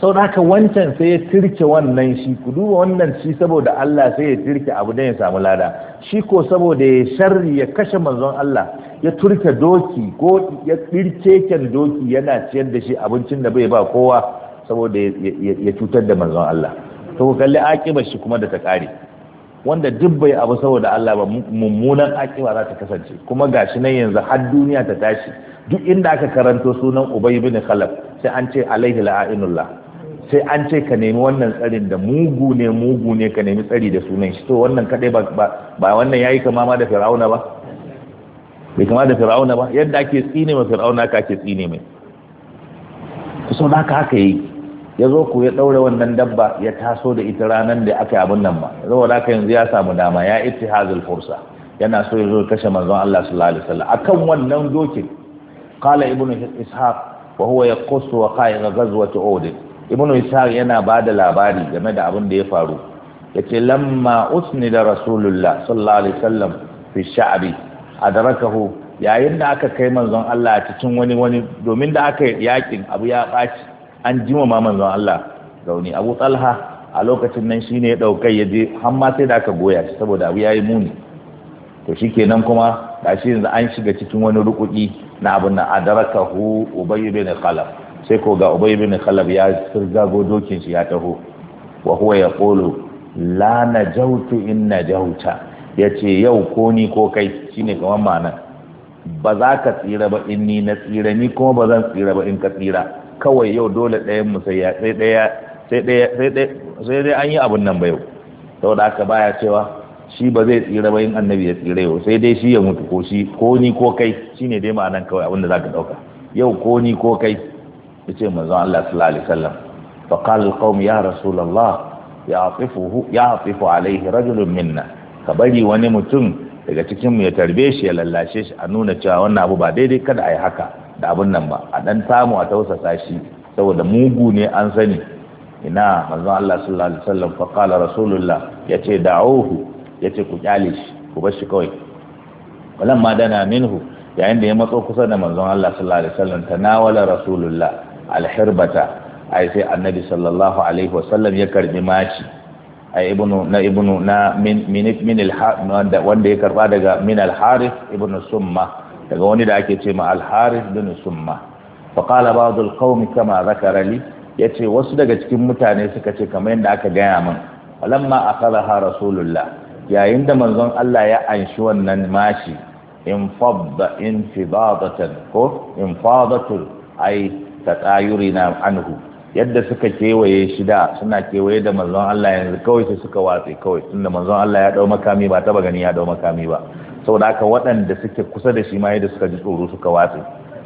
sau da haka wancan sai ya tirke wannan shi ku duba wannan shi saboda Allah sai ya tirke abu don ya samu lada shi ko saboda ya sharri ya kashe manzon Allah ya turke doki ko ya tirke doki yana ciyar da shi abincin da bai ba kowa saboda ya cutar da manzon Allah to ku kalli akibar shi kuma da ta kare wanda duk bai abu saboda Allah ba mummunan akiba za ta kasance kuma gashi nan yanzu har duniya ta tashi duk inda aka karanto sunan Ubay ibn Khalaf sai an ce alaihi la'inullah sai an ce ka nemi wannan tsarin da mugu ne mugu ne ka nemi tsari da sunan shi to wannan kadai ba ba wannan yayi kama ma da fir'auna ba bai kama da fir'auna ba yadda ake tsine ma fir'auna ka ake tsine mai kusa da haka haka yi ya zo ku ya ɗaure wannan dabba ya taso da ita ranar da aka abin nan ba saboda haka yanzu ya samu dama ya ita hazil fursa yana so ya zo kashe manzon Allah sallallahu alaihi wasallam akan wannan dokin qala ibnu ishaq wa huwa yaqussu wa qaiga ghazwat uhud ibnu ishaq yana ba da labari game da abin da ya faru yace lamma da rasulullah sallallahu alaihi wasallam fi sha'bi adrakahu yayin da aka kai manzon Allah a cikin wani wani domin da aka yakin abu ya baci an jima maman manzon Allah rauni Abu Talha a lokacin nan shine ya ɗaukai ya je hamma sai da aka goya shi saboda abu ya yi muni to shi kenan kuma shi yanzu an shiga cikin wani rukuɗi na abin adaraka hu ubayi bin Khalaf sai ko ga ubayi bin Khalaf ya sirga godokin shi ya taho wa huwa yaqulu la najautu in najauta yace yau ko ni ko kai shine kamar ma'ana ba za ka tsira ba in ni na tsira ni kuma ba zan tsira ba in ka tsira kawai yau dole ɗayan mu sai ɗaya sai ɗaya sai dai an yi abun nan ba yau saboda haka baya cewa shi ba zai tsira ba yin annabi ya tsira yau sai dai shi ya mutu ko shi ko ni ko kai shine dai ma'anan kawai abin da zaka dauka yau ko ni ko kai yace manzon Allah sallallahu alaihi wasallam fa qala alqawm ya rasulullah ya'tifuhu ya'tifu alaihi rajulun minna ka bari wani mutum daga cikin mu ya tarbe shi ya lallashe shi a nuna cewa wannan abu ba daidai kada a yi haka da abin nan ba a dan samu a tausasa shi saboda mugu ne an sani ina manzon Allah sallallahu alaihi wasallam fa qala rasulullah yace da'uhu yace ku kyale shi ku bar shi kawai walan ma dana minhu yayin da ya matso kusa da manzon Allah sallallahu alaihi wasallam tanawala rasulullah alhirbata ai sai annabi sallallahu alaihi wasallam ya karbi maci ai ibnu na ibnu na min min min al wanda ya karba daga min al harith ibnu summa daga wani da ake ce ma Alharif bin summa fa qala ba'd al kama zakara li yace wasu daga cikin mutane suka ce kamar yadda aka gaya min falamma akhadha rasulullah yayin da manzon Allah ya anshi wannan mashi in fadda in fidadatan ko in fadatul ay tatayurina anhu yadda suka kewaye shi da suna kewaye da manzon Allah yanzu kawai sai suka watse kawai tunda manzon Allah ya dau makami ba taba gani ya dau makami ba saboda haka waɗanda suke kusa da shi ma yadda suka ji tsoro suka watse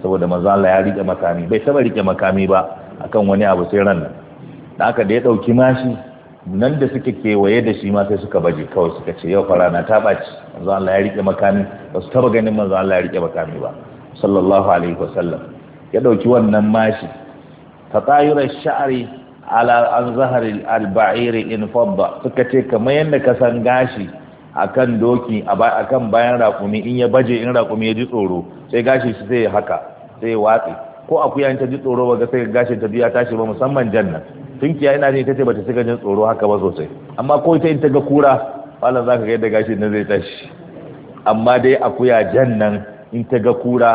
saboda manzo Allah ya rike makami bai taba rike makami ba akan wani abu sai ran nan da haka da ya dauki mashi nan da suke kewaye da shi ma sai suka baje kawai suka ce yau farana ta baci manzo Allah ya rike makami ba su taba ganin manzo Allah ya rike makami ba sallallahu alaihi wasallam ya dauki wannan mashi tatayura sha'ri ala an zahari al-ba'iri in fadda suka ce kamar yanda ka san gashi akan doki akan bayan rakumi in ya baje in rakumi ya ji tsoro sai gashi shi sai haka sai watsi ko akuya in ta ji tsoro ba sai gashin ta biya tashi ba musamman janna tunkiya ina ne ce bata shiga jin tsoro haka ba sosai amma ko ita in ta ga kura wala ka ga yadda gashin na zai tashi amma dai akuya jannan in ta ga kura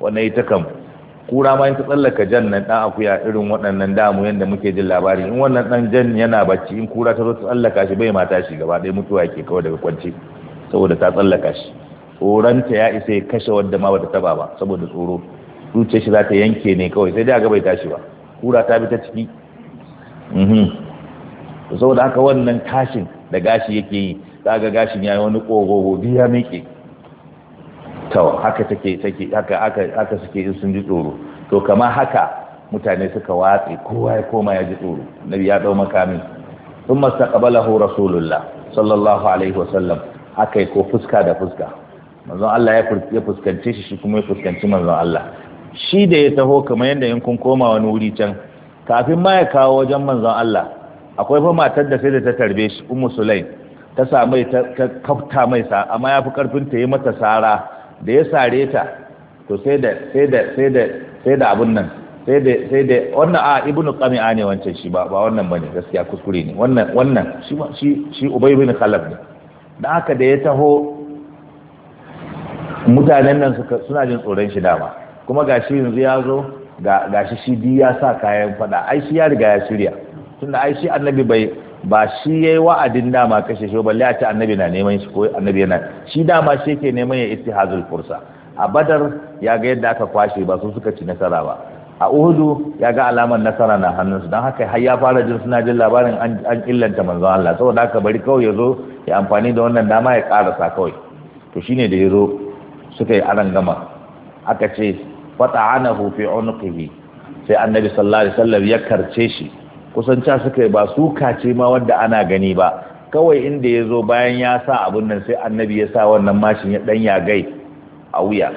wannan ita kam kura ma in ta tsallaka jan nan dan akuya irin waɗannan damu yadda muke jin labari in wannan dan jan yana bacci in kura ta zo ta tsallaka shi bai mata shi gaba ɗaya mutuwa ke kawai daga kwance saboda ta tsallaka shi tsoronta ya isa ya kashe wadda ma bata taba ba saboda tsoro zuciyar shi za ta yanke ne kawai sai dai ga bai tashi ba kura ta bi ta ciki mhm. saboda haka wannan tashin da gashi yake yi za ga gashin ya yi wani kogogo biya miƙe Tawa haka take take haka haka suke in sun ji tsoro to kamar haka mutane suka watse kowa ya koma ya ji tsoro nabi ya dau makamin. thumma taqabalahu rasulullah sallallahu alaihi wasallam akai ko fuska da fuska manzon Allah ya fuskance shi shi kuma ya fuskanci manzon Allah shi da ya taho kamar yadda in kun koma wani wuri can kafin ma ya kawo wajen manzon Allah akwai fa matar da sai da ta tarbe shi ummu sulaim ta sa mai ta kafta mai sa amma ya fi karfin ta yi mata sara da ya sare ta to sai da sai da sai da sai da abun nan sai da sai da wannan a ibn qami'a ne wancan shi ba ba wannan bane gaskiya kuskure ne wannan wannan shi shi shi ubay bin khalaf ne dan haka da ya taho mutanen nan suka suna jin tsoron shi dama kuma gashi yanzu ya zo ga gashi shi ya sa kayan fada ai shi ya riga ya shirya tunda ai shi annabi bai ba shi yayi wa'adin dama kashe shi balle a ce annabi na neman shi ko annabi yana shi dama shi yake neman ya hazul fursa a badar ya ga yadda aka kwashe ba su suka ci nasara ba a uhudu ya ga alamar nasara na hannunsu don haka har ya fara jin suna jin labarin an illanta manzon Allah saboda aka bari kawai ya zo ya amfani da wannan dama ya karasa kawai to shine da ya zo suka yi aran gama aka ce fata'anahu fi unqihi sai annabi sallallahu alaihi wasallam ya karce shi kusan ca suka yi ba su ce ma wanda ana gani ba kawai inda ya zo bayan ya sa abun nan sai annabi ya sa wannan mashin ya dan yagai a wuya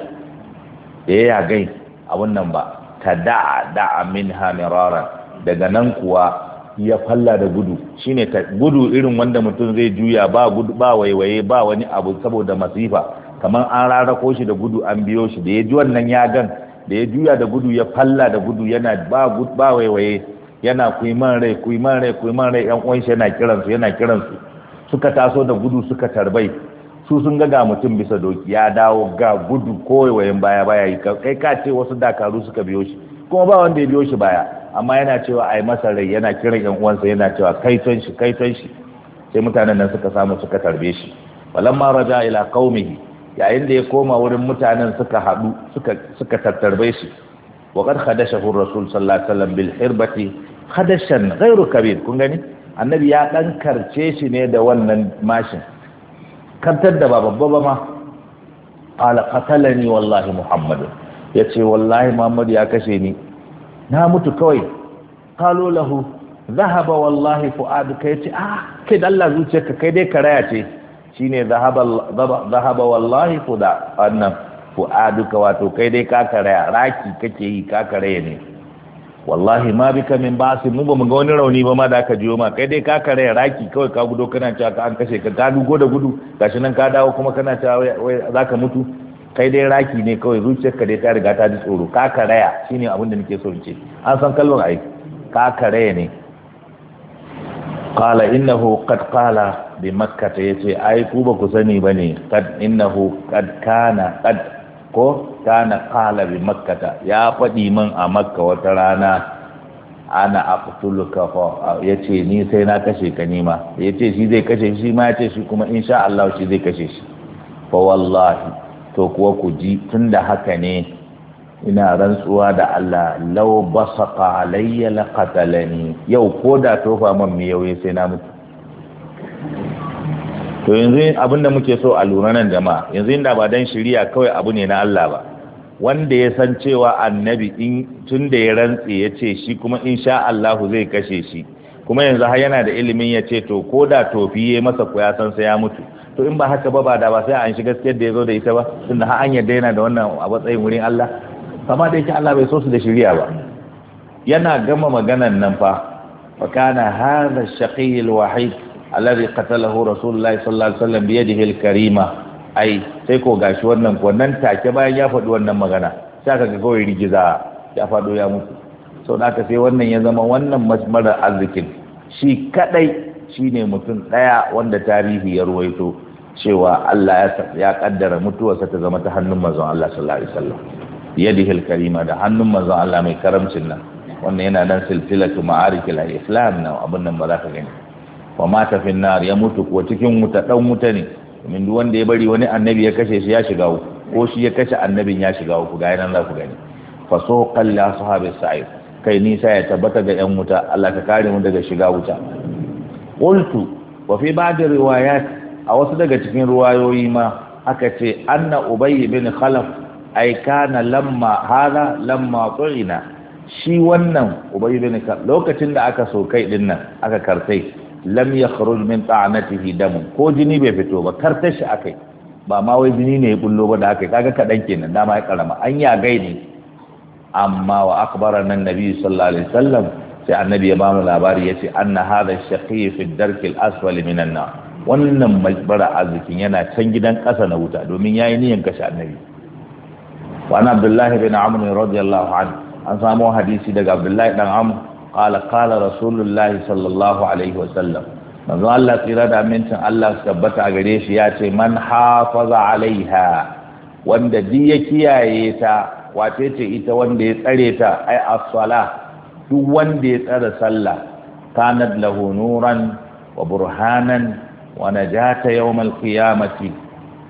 ya yagai abun nan ba ta da'a da'a min hamiraran daga nan kuwa ya falla da gudu shine ta gudu irin wanda mutum zai juya ba gudu ba waiwaye ba wani abu saboda masifa kamar an rarako shi da gudu an biyo shi da ya ji wannan ya gan da ya juya da gudu ya falla da gudu yana ba ba waiwaye yana kuyi man rai kuyi man rai kuyi man rai yan uwan yana kiran yana kiran su suka taso da gudu suka tarbai su sun ga ga mutum bisa doki ya dawo ga gudu kowayen baya baya yi kai ka ce wasu dakaru suka biyo shi kuma ba wanda ya biyo shi baya amma yana cewa ai masa rai yana kiran yan uwansa yana cewa kai kaiton shi kai kaiton shi sai mutanen nan suka samu suka tarbe shi falamma raja ila qaumihi yayin da ya koma wurin mutanen suka haɗu suka suka tattarbe shi وقد خدشه الرسول صلى الله عليه وسلم بالحربة خدشا غير كبير kun gani annabi ya dan karce shi ne da wannan mashin kantar da ba babba ba ma qala qatalani wallahi muhammad yace wallahi muhammad ya kashe ni na mutu kawai qalu lahu dhahaba wallahi fuaduka yace ah kai da Allah zuciyarka kai dai karaya ce shine dhahaba dhahaba wallahi fuda annan fu'aduka wato kai dai ka raki kake yi ka karaya ne wallahi ma bika min basi mu bamu ga wani rauni ba ma da aka jiyo ma kai dai ka raki kawai ka gudo kana cewa ka an kashe ka gadu da gudu gashi nan ka dawo kuma kana cewa wai zaka mutu kai dai raki ne kawai zuciyarka dai ta riga ta ji tsoro ka karaya shine abin da nake so in ce an san kalmar ai ka karaya ne qala innahu qad qala bi makkah yace ai ku ba ku sani bane qad innahu qad kana qad ko kana qala bi makkata ya faɗi min a makka wata rana ana aqtuluka fa yace ni sai na kashe ka nima yace shi zai kashe shi ma yace shi kuma insha Allah shi zai kashe shi fa wallahi to kuwa ku ji tunda haka ne ina rantsuwa da Allah law basaqa alayya laqatalani yau koda tofa man miyau sai na mutu to yanzu abin da muke so a lura nan jama'a yanzu inda ba dan shiriya kawai abu ne na Allah ba wanda ya san cewa annabi in tun da ya rantse ya ce shi kuma insha Allah zai kashe shi kuma yanzu har yana da ilimin ya ce to ko da tofi ya masa ku ya san sai ya mutu to in ba haka ba ba da ba sai an shi gaskiyar da ya zo da ita ba tun da har an yarda yana da wannan a matsayin wurin Allah kama da yake Allah bai so su da shiriya ba yana gama maganan nan fa fa kana hadha shaqiyul wahid alladhi qatalahu rasulullahi sallallahu alaihi wasallam bi yadihi karima ai sai ko gashi wannan ko nan take bayan ya faɗi wannan magana sai aka ga kawai rigiza ya faɗo ya mutu sau da aka sai wannan ya zama wannan masmara arzikin shi kadai shine mutum daya wanda tarihi ya ruwaito cewa Allah ya kaddara mutuwarsa ta zama ta hannun manzon Allah sallallahu alaihi wasallam yadihi al-karima da hannun manzon Allah mai karamcin nan wannan yana nan silsilatu ma'arikil islam na abun nan ba za ka gani fa mata fi nar ya mutu ko cikin wuta dan wuta ne min duk wanda ya bari wani annabi ya kashe shi ya shiga wuta ko shi ya kashe annabin ya shiga ku ga nan za ku gani fa so qalla sahabi sa'id kai nisa ya tabbata ga yan wuta Allah ka kare mu daga shiga wuta qultu wa fi ba'd riwayat a wasu daga cikin ruwayoyi ma aka ce anna ubayy bin khalaf ay kana lamma hala lamma tu'ina shi wannan ubayy bin khalaf lokacin da aka so kai din aka kartai lam yakhruj min ta'natihi damun ko jini bai fito ba kar shi akai ba ma wai jini ne ya bullo ba da akai kaga kaɗan kenan dama ya karama an ya gai ne amma wa akbara nan nabi sallallahu alaihi wasallam sai annabi ya ba mu labari ce, anna hadha shaqi fi dark al-asfal nar wannan bara arzikin yana can gidan ƙasa na wuta domin yayi niyan kashe annabi wa abdullahi bin amr radiyallahu anhu an samu hadisi daga abdullahi dan amr qala qala rasulullahi sallallahu alaihi wasallam manzo Allah tsira da amincin Allah su tabbata a gare shi ya ce man hafaza alaiha wanda duk ya kiyaye ta wace ce ita wanda ya tsare ta ai as-sala duk wanda ya tsare sallah kanat lahu nuran wa burhanan wa najata yawm al-qiyamati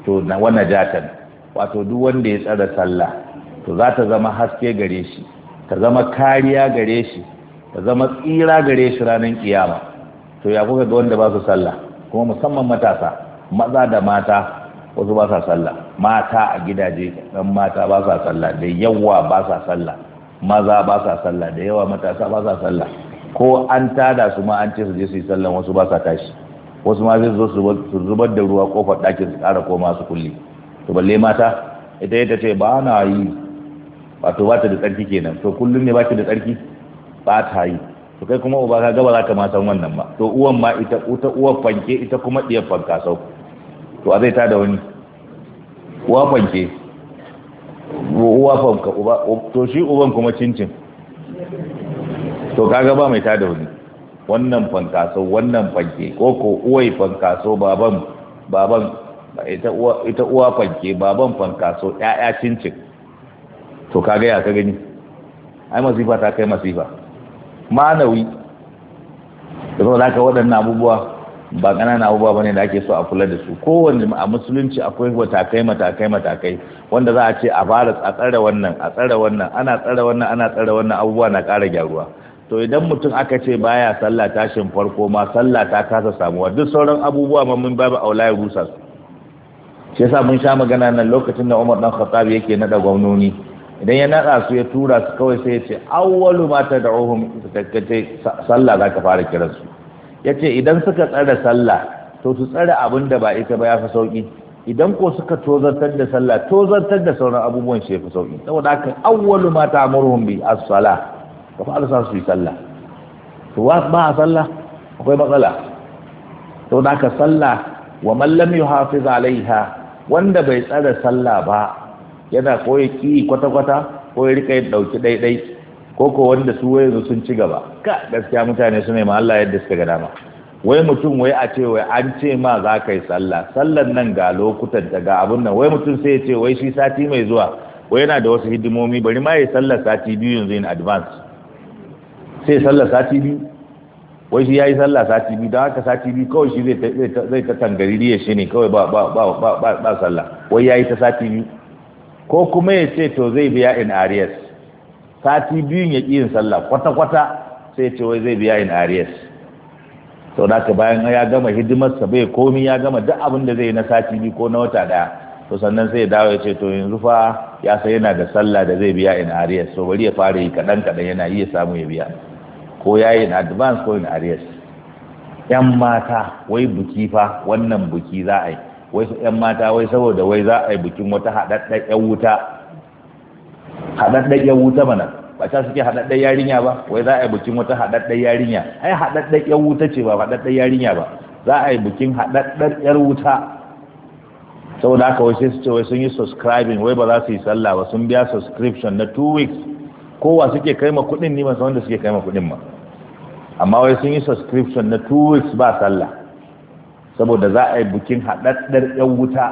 to wa najatan wato duk wanda ya tsare sallah to za ta zama haske gare shi ta zama kariya gare shi ta zama tsira gare shi ranar kiyama to ya kuka ga wanda ba su sallah kuma musamman matasa maza da mata wasu ba sa sallah mata a gidaje dan mata ba sa sallah da yawa ba sa sallah maza ba sa sallah da yawa matasa ba sa sallah ko an tada su ma an ce su je su yi sallah wasu ba sa tashi wasu ma zai zo su zubar da ruwa kofar ɗakin su ƙara koma su kulli to balle mata ita yadda ce ba na yi wato ba ta da tsarki kenan to kullum ne ba ta da tsarki ba yi to kai kuma uba ka gaba za ka ma san wannan ba to uwan ma ita uta uwa fanke ita kuma diyar fanka sau to a zai ta da wani uwa fanke uwa fanka uba to shi uban kuma cincin to ka ba mai ta da wani wannan fankaso wannan fanke ko ko uwai fankaso baban baban ita uwa ita uwa fanke baban fankaso ƴaƴa cincin to ga ya ka gani ai masifa ta kai masifa manawi da zo da waɗannan abubuwa ba ƙananan abubuwa bane da ake so a kula da su kowanne a musulunci akwai matakai matakai matakai wanda za a ce a fara a tsare wannan a tsare wannan ana tsare wannan ana tsare wannan abubuwa na ƙara gyaruwa to idan mutum aka ce baya sallah tashin farko ma sallah ta kasa samuwa duk sauran abubuwa ma mun babu aulaya rusas rusa shi yasa mun sha magana nan lokacin da Umar dan Khattab yake nada gwamnoni idan ya natsa su ya tura su kawai sai ya ce awwalu ma ohun takace sallah za ka fara kiran su ce idan suka tsare sallah to su tsare abin da ba ita ba ya fi sauƙi idan ko suka tozartar da sallah tozartar da sauran abubuwan shi ya fi sauƙi saboda haka awwalu ma ta'muruhum bi as sala ka fara sa su yi sallah to ba a sallah akwai matsala saboda haka sallah wa man lam yuhafiz alaiha wanda bai tsare sallah ba yana koyi ki kwata-kwata ko ya rika yin ɗauki ɗaiɗai ko ko wanda su waye su sun ci gaba ka gaskiya mutane su ma Allah yadda suka ga dama wai mutum wai a ce wai an ce ma za ka yi sallah sallan nan ga lokutan ta ga abun nan wai mutum sai ya ce wai shi sati mai zuwa wai yana da wasu hidimomi bari ma ya yi sallar sati biyu yanzu in advance sai sallar sati biyu wai shi ya yi sallah sati biyu don haka sati biyu kawai shi zai ta ya shi ne kawai ba sallah wai ya yi ta sati biyu ko kuma ya ce to zai biya in arias sati biyun ya yin sallah kwata-kwata sai ce wai zai biya in arias sau da bayan ya gama hidimarsa bai komi ya gama duk abin da zai na sati biyu ko na wata daya to sannan sai ya dawo ya ce to yanzu fa ya sai yana da sallah da zai biya in arias so bari ya fara yi kaɗan kaɗan yana iya samu ya biya ko ya yi in advance ko in arias yan mata wai buki fa wannan buki za a yi wai yan mata wai saboda wai za a yi bikin wata haɗaɗɗen yan wuta haɗaɗɗen yan wuta mana ba ta suke haɗaɗɗen yarinya ba wai za a yi bikin wata haɗaɗɗen yarinya ai haɗaɗɗen yan wuta ce ba haɗaɗɗen yarinya ba za a yi bikin haɗaɗɗen ƴan wuta saboda haka wai sai su ce wai sun yi subscribing wai ba za su yi sallah ba sun biya subscription na two weeks kowa suke kai ma kuɗin ni ban san wanda suke kai ma kuɗin ma amma wai sun yi subscription na two weeks ba sallah saboda za a yi bukin haɗaɗɗar yan wuta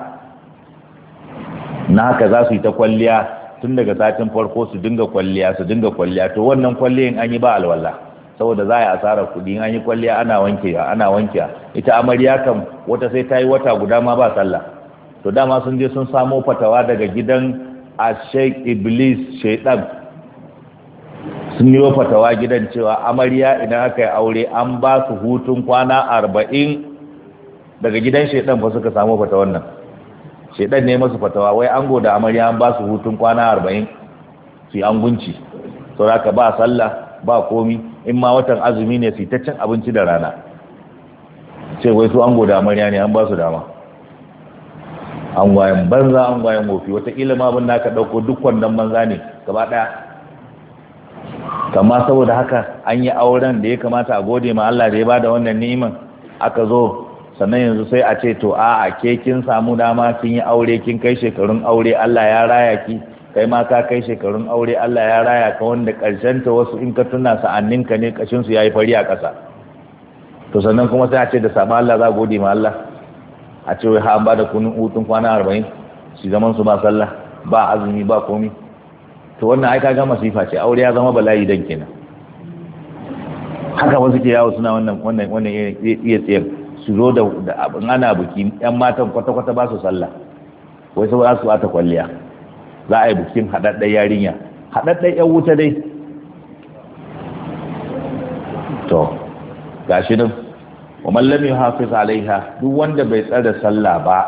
na haka za su yi ta kwalliya tun daga satin farko su dinga kwalliya su dinga kwalliya to wannan kwalliyan an yi ba alwala saboda za a yi asarar kuɗi an yi kwalliya ana wankewa ana wankewa ita amarya kam wata sai ta yi wata guda ma ba sallah to dama sun je sun samo fatawa daga gidan a iblis shaidan sun yi fatawa gidan cewa amarya idan aka yi aure an ba su hutun kwana arba'in daga gidan shaidan ba suka samu fata wannan shaidan ne masu fatawa wai ango da amarya an ba su hutun kwana arba'in su yi da sauraka ba sallah ba komi in ma watan azumi ne su ta cin abinci da rana ce wai su ango da amarya ne an ba su dama angwayen banza angwayen gofi wataƙila ma bin naka ɗauko duk wannan banza ne gaba ɗaya kama saboda haka an yi auren da ya kamata a gode ma Allah da ya bada wannan ni'iman aka zo sannan yanzu sai a ce to a'a ke kin samu dama kin yi aure kin kai shekarun aure Allah ya raya ki kai ma ka kai shekarun aure Allah ya raya ka wanda karshen ta wasu in ka tuna sa'annin ka ne kashin su yayi fari a ƙasa to sannan kuma sai a ce da sama Allah za gode ma Allah a ce wai ha an bada kunun hutun kwana 40 shi zaman su ba sallah ba azumi ba komi to wannan ai ga masifa ce aure ya zama bala'i dan kenan haka wasu ke yawo suna wannan wannan wannan iya tsiyar su zo da abin ana buki yan matan kwata-kwata ba su sallah wai sau ba su bata kwalliya za a yi bukin haɗaɗɗen yarinya haɗaɗɗen yan wuta dai to Ga shi nan wa mallam yuhafiz alaiha duk wanda bai tsare sallah ba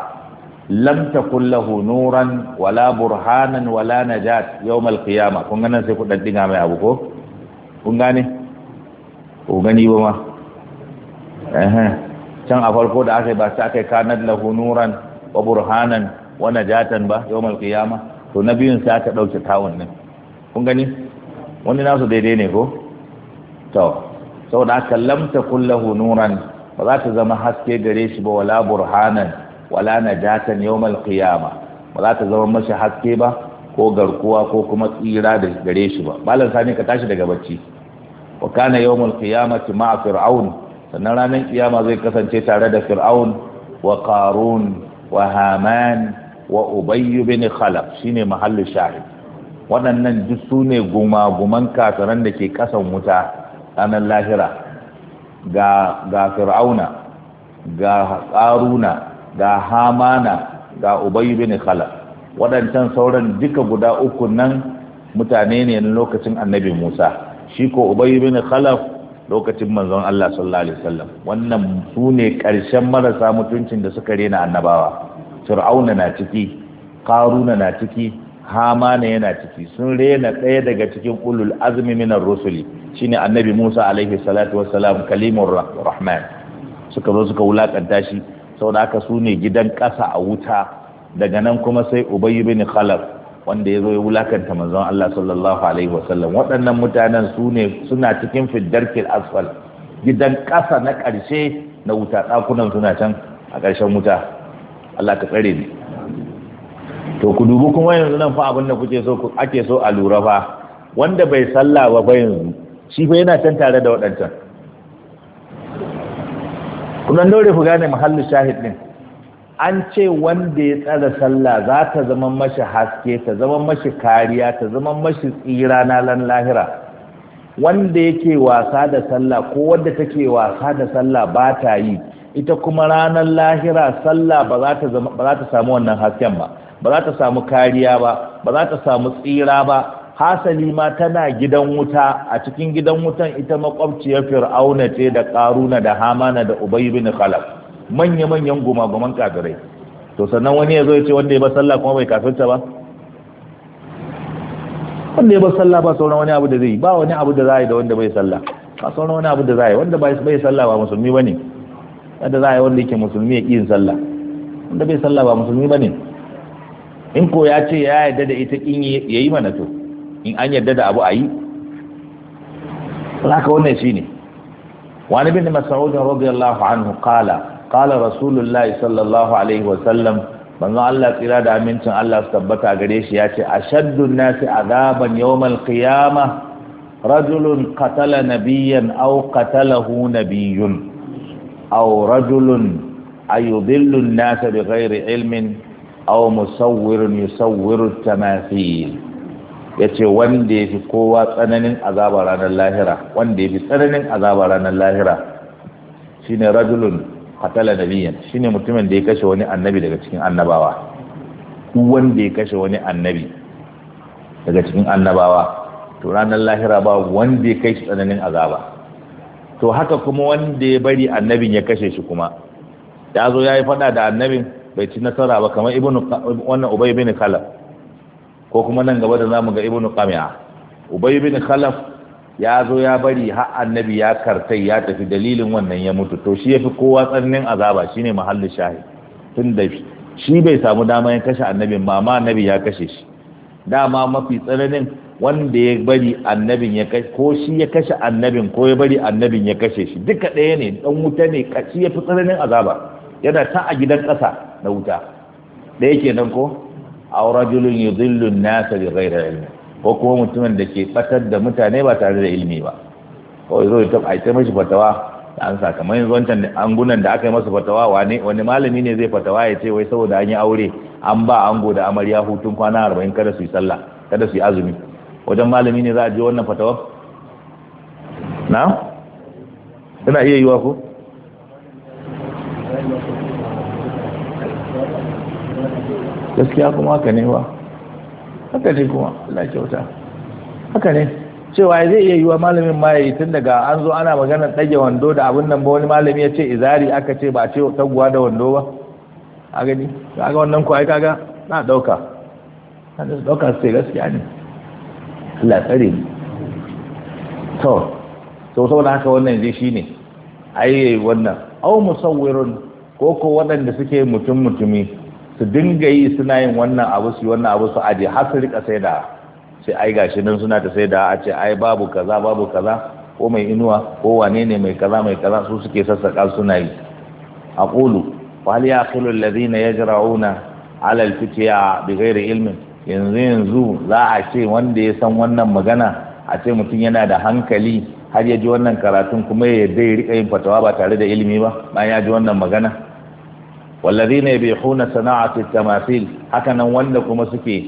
lam ta kullahu nuran wala burhanan wala najat yawmal qiyamah kun ganin sai ku dan dinga mai abu ko kun gane ko gani ba ma eh can a farko da aka yi ba sai aka yi kanar lahunuran wa burhanan wa najatan ba yawmal qiyama to na biyun sai aka ɗauke tawun nan kun gani wani nasu daidai ne ko to sau da aka lamta kun lahu nuran ba za ta zama haske gare shi ba wala burhanan wala najatan yawmal qiyama ba za ta zama mashi haske ba ko garkuwa ko kuma tsira da gare shi ba malam sani ka tashi daga bacci wa kana yawmal qiyamati ma'a fir'aun sannan ranar kiyama zai kasance tare da fir'aun wa karun wa haman wa bin khalaf shine mahallu shahid waɗannan duk su ne gumaguman kafiran da ke kasan wuta ranar lahira ga fir'auna ga ƙaruna, ga hamana ga ubayy bin khalaf waɗancan sauran duka guda uku nan mutane ne na lokacin annabi musa shi ko ubayy bin khalaf lokacin manzon Allah sallallahu alaihi wasallam wannan su ne ƙarshen marasa mutuncin da suka rena annabawa fir'auna na ciki karuna na ciki hamana yana ciki sun rena ɗaya daga cikin ulul azmi minar rusuli shine annabi Musa alaihi salatu wassalam kalimur rahman suka zo suka wulakanta shi saboda haka su ne gidan ƙasa a wuta daga nan kuma sai ubayy bin khalaf wanda ya zo ya wulakanta manzon Allah sallallahu alaihi wasallam waɗannan mutanen su ne suna cikin fiddarkil asfal gidan ƙasa na ƙarshe na wuta ɗakunan suna can a ƙarshen wuta Allah ka tsare ni to ku dubi kuma yanzu nan fa abin da kuke so ake so a lura fa wanda bai sallah ba fa yanzu shi fa yana can tare da waɗancan kuma dole ku gane muhallin shahid din an ce wanda ya tsara sallah za ta zama mashi haske ta zama mashi kariya ta zama mashi tsira na lan lahira wanda yake wasa da sallah ko wanda take wasa da sallah ba ta yi ita kuma ranar lahira sallah ba za ta samu wannan hasken ba ba za ta samu kariya ba ba za ta samu tsira ba hasali ma tana gidan wuta a cikin gidan wutan ita makwabciyar fir'auna ce da karuna da hamana da ubay bin khalaf manya-manyan gumaguman kafirai to sannan wani ya zo ya ce wanda ya ba sallah kuma bai kafirta ba wanda ya ba sallah ba sauran wani abu da zai ba wani abu da za a yi da wanda bai sallah ba sauran wani abu da za a yi wanda bai sallah ba musulmi ba ne wanda za a yi wanda yake musulmi ya ƙin sallah wanda bai sallah ba musulmi ba ne in ko ya ce ya yarda da ita in ya yi mana to in an yarda da abu a yi haka wannan shi ne wani bin mas'ud radiyallahu anhu kala qala rasulullahi sallallahu alaihi wa sallam manzo Allah tsira da amincin Allah su tabbata gare shi yace ashaddu nasi azaban yawmal qiyamah rajulun qatala nabiyyan aw qatalahu nabiyyun aw rajulun ayudillu an-nasa bighairi ilmin aw musawwirun yusawwiru tamathil yace wanda yafi kowa tsananin azaba ranar lahira wanda yafi tsananin azaba ranar lahira shine rajulun qatala nabiyan shine mutumin da ya kashe wani annabi daga cikin annabawa duk wanda ya kashe wani annabi daga cikin annabawa to ranar lahira ba wanda ya kai shi tsananin azaba to haka kuma wanda ya bari annabin ya kashe shi kuma ya zo ya yi faɗa da annabin bai ci nasara ba kamar ibn wannan ubay bin khalaf ko kuma nan gaba da zamu ga ibnu qami'a ubay bin khalaf ya zo ya bari har annabi ya kartai ya tafi dalilin wannan ya mutu to shi yafi kowa tsananin azaba shine mahallin shahi tun da shi bai samu dama ya kashe annabin ba ma annabi ya kashe shi dama mafi tsananin wanda ya bari annabin ya kashe ko shi ya kashe annabin ko ya bari annabin ya kashe shi duka ɗaya ne dan wuta ne shi yafi tsananin azaba yana ta a gidan ƙasa na wuta ɗaya kenan ko aw rajulun yudhillu an-nasa bighayri ko kuma mutumin da ke batar da mutane ba tare da ilimi ba kawai zo ta aice mashi fatawa da an sa kamar yanzu wancan angunan da aka yi masa fatawa wani wani malami ne zai fatawa ya ce wai saboda an yi aure an ba ango da amarya hutun kwana arba'in kada su yi sallah kada su yi azumi wajen malami ne za a je wannan fatawa na tana iya yiwa ko gaskiya kuma haka ne wa haka ne kuma Allah kyauta haka ne cewa zai iya yiwa malamin ma yayi tun daga an zo ana maganar dage wando da abin nan ba wani malami ya ce izari aka ce ba ce taguwa da wando ba a gani kaga wannan ku ai kaga na dauka na dauka sai gaskiya ne Allah tsare ni to to da haka wannan zai shine ai wannan au musawwirun ko ko waɗanda suke mutum mutumi su dinga yi suna yin wannan abu su wannan abu su aje har su rika sai da sai ai gashi nan suna ta saida a ce ai babu kaza babu kaza ko mai inuwa ko wane ne mai kaza mai kaza su suke sassaka suna yi aqulu wal yaqilu alladhina yajra'una ala alfitiya bighairi ilmin yanzu yanzu za a ce wanda ya san wannan magana a ce mutum yana da hankali har ya ji wannan karatun kuma ya yarda ya rika yin fatawa ba tare da ilimi ba bayan ya ji wannan magana ne bai huna sana'ati tamasil hakanan wanda kuma suke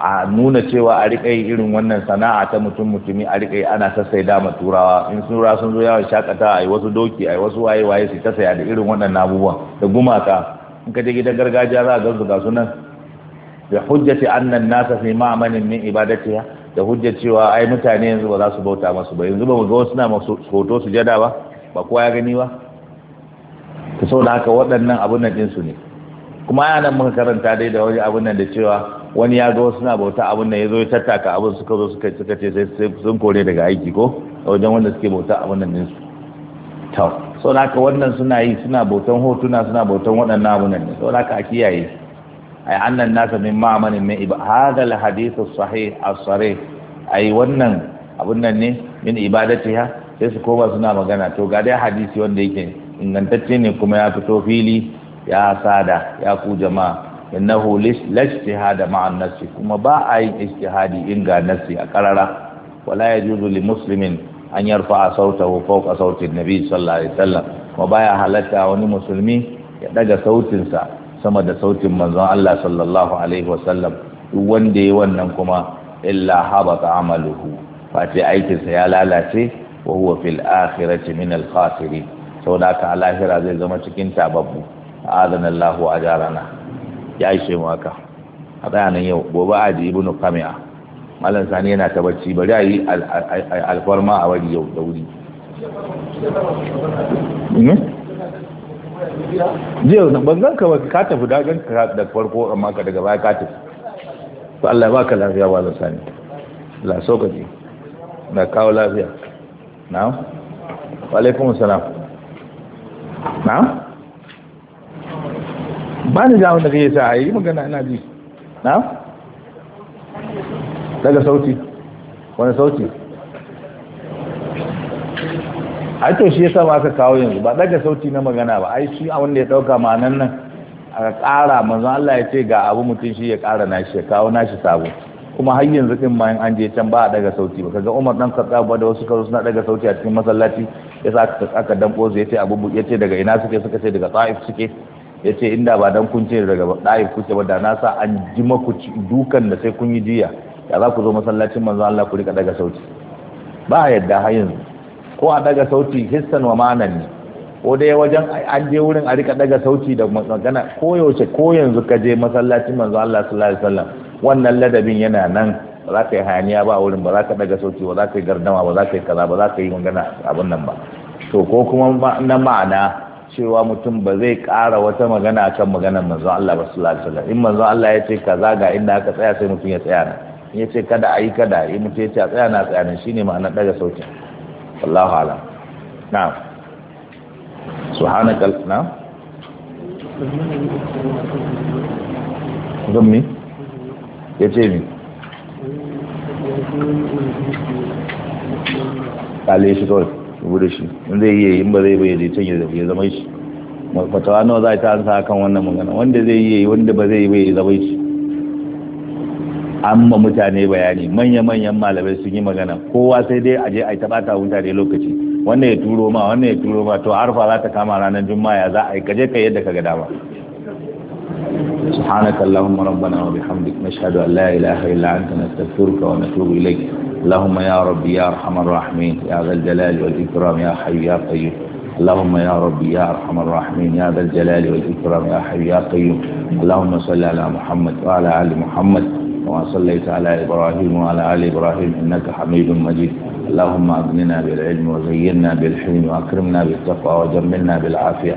a nuna cewa a riƙa irin wannan sana'a ta mutum mutumi a riƙa ana sassai dama turawa in sun ra sun zo yawon shakatawa a yi wasu doki a yi wasu waye waye su ta saya da irin wannan abubuwan da gumaka in ka je gidan gargajiya za a gansu ga sunan da hujjati annan nasa fi ma'amanin min ibadatiha da hujjar cewa ai mutane yanzu ba za su bauta masu ba yanzu ba mu ga wasu na masu hoto su jada ba ba kowa ya gani ba ta sau da haka waɗannan abun nan ɗinsu ne kuma ya muka karanta dai da wani abun nan da cewa wani ya zo suna bauta abun nan ya zo ya tattaka abin suka zo suka suka ce sai sun kore daga aiki ko a wajen wanda suke bauta abun nan ɗinsu to sau da haka wannan suna yi suna bautan hotuna suna bautan waɗannan abun nan sau da haka a kiyaye ay annan nasa min ma'amanin min iba hadha al hadith as sahih as sarih yi wannan abun nan ne min ibadatiha sai su koma suna magana to ga dai hadisi wanda yake ingantacce ne kuma ya fito fili ya sada ya ku jama'a innahu lijtihada ma'an nafsi kuma ba a yin ijtihadi in ga nafsi a karara wala yajuzu li muslimin an yarfa sautahu fawqa sauti nabi sallallahu alaihi wasallam kuma baya halatta wani musulmi ya daga sautinsa sama da sautin manzon Allah sallallahu alaihi wasallam duk wanda yayi wannan kuma illa habata amaluhu fa aikinsa ya lalace wa huwa fil akhirati min al khasirin sau da aka alahira zai zama cikin tababbu a adanin lahu a jarana ya ishe mu haka a tsayanin yau gobe a ji ibnu kamiya malam sani yana tabbaci, bari a yi alfarma a wari yau da wuri jiya na bangan ka ka tafi dagan ka da farko amma ka daga baya ka tafi to Allah baka lafiya ba da sani la so ka ji na kawo lafiya na wa salam na ba ni jami'in da kake sa a magana ina ji na daga sauti wani sauti a to shi yasa ba aka kawo yanzu ba daga sauti na magana ba ai shi a wanda ya dauka ma'anan nan a ƙara manzon Allah ya ce ga abu mutum shi ya ƙara nashi ya kawo nashi sabo kuma har yanzu din ma an je can ba a daga sauti ba kaga Umar dan Khattab da wasu kazo suna daga sauti a cikin masallaci ya sa aka damko ya ce abubu ya ce daga ina suke suka ce daga ta'if suke ya ce inda ba dan kun ce daga ta'if kuke ba da na sa an ji maku dukan da sai kun yi jiya ya za ku zo masallacin manzo Allah ku rika daga sauti ba yadda har yanzu ko a daga sauti hissan wa manan ne ko dai wajen an je wurin a rika daga sauti da magana ko yaushe ko yanzu ka je masallacin manzo Allah sallallahu alaihi wasallam wannan ladabin yana nan ba za ka yi hayaniya ba wurin ba za ka daga sauti ba za ka yi gardama ba za ka yi kaza ba za ka yi magana abin nan ba to ko kuma na ma'ana cewa mutum ba zai ƙara wata magana kan maganar manzon Allah ba sallallahu alaihi wasallam in manzon Allah ya ce kaza ga inda aka tsaya sai mutum ya tsaya in ya ce kada ayi kada in mutum ya ce a tsaya na tsaya shine ma'anar daga sauki wallahu ala na'am subhanaka na'am ya ce yace ni kale shi kawai wuri shi zai yi yayin ba zai bai zai can ya zama shi fatawa nawa za ta ansa kan wannan magana wanda zai yi, wanda ba zai bai zama shi an ma mutane bayani manya-manyan malamai sun yi magana kowa sai dai aje a wuta da mutane lokaci wannan ya turo ma wannan ya turo ma to arfa za ta kama ranar juma'a za a yi kaje ka yadda ka ga dama سبحانك اللهم ربنا وبحمدك نشهد أن لا إله إلا أنت نستغفرك ونتوب إليك اللهم يا ربي يا أرحم الراحمين يا ذا الجلال والإكرام يا حي يا قيوم اللهم يا ربي يا أرحم الراحمين يا ذا الجلال والإكرام يا حي يا قيوم اللهم صل على محمد وعلى آل محمد وما صليت على إبراهيم وعلى آل إبراهيم إنك حميد مجيد اللهم أغننا بالعلم وزينا بالحلم وأكرمنا بالتقوى وجملنا بالعافية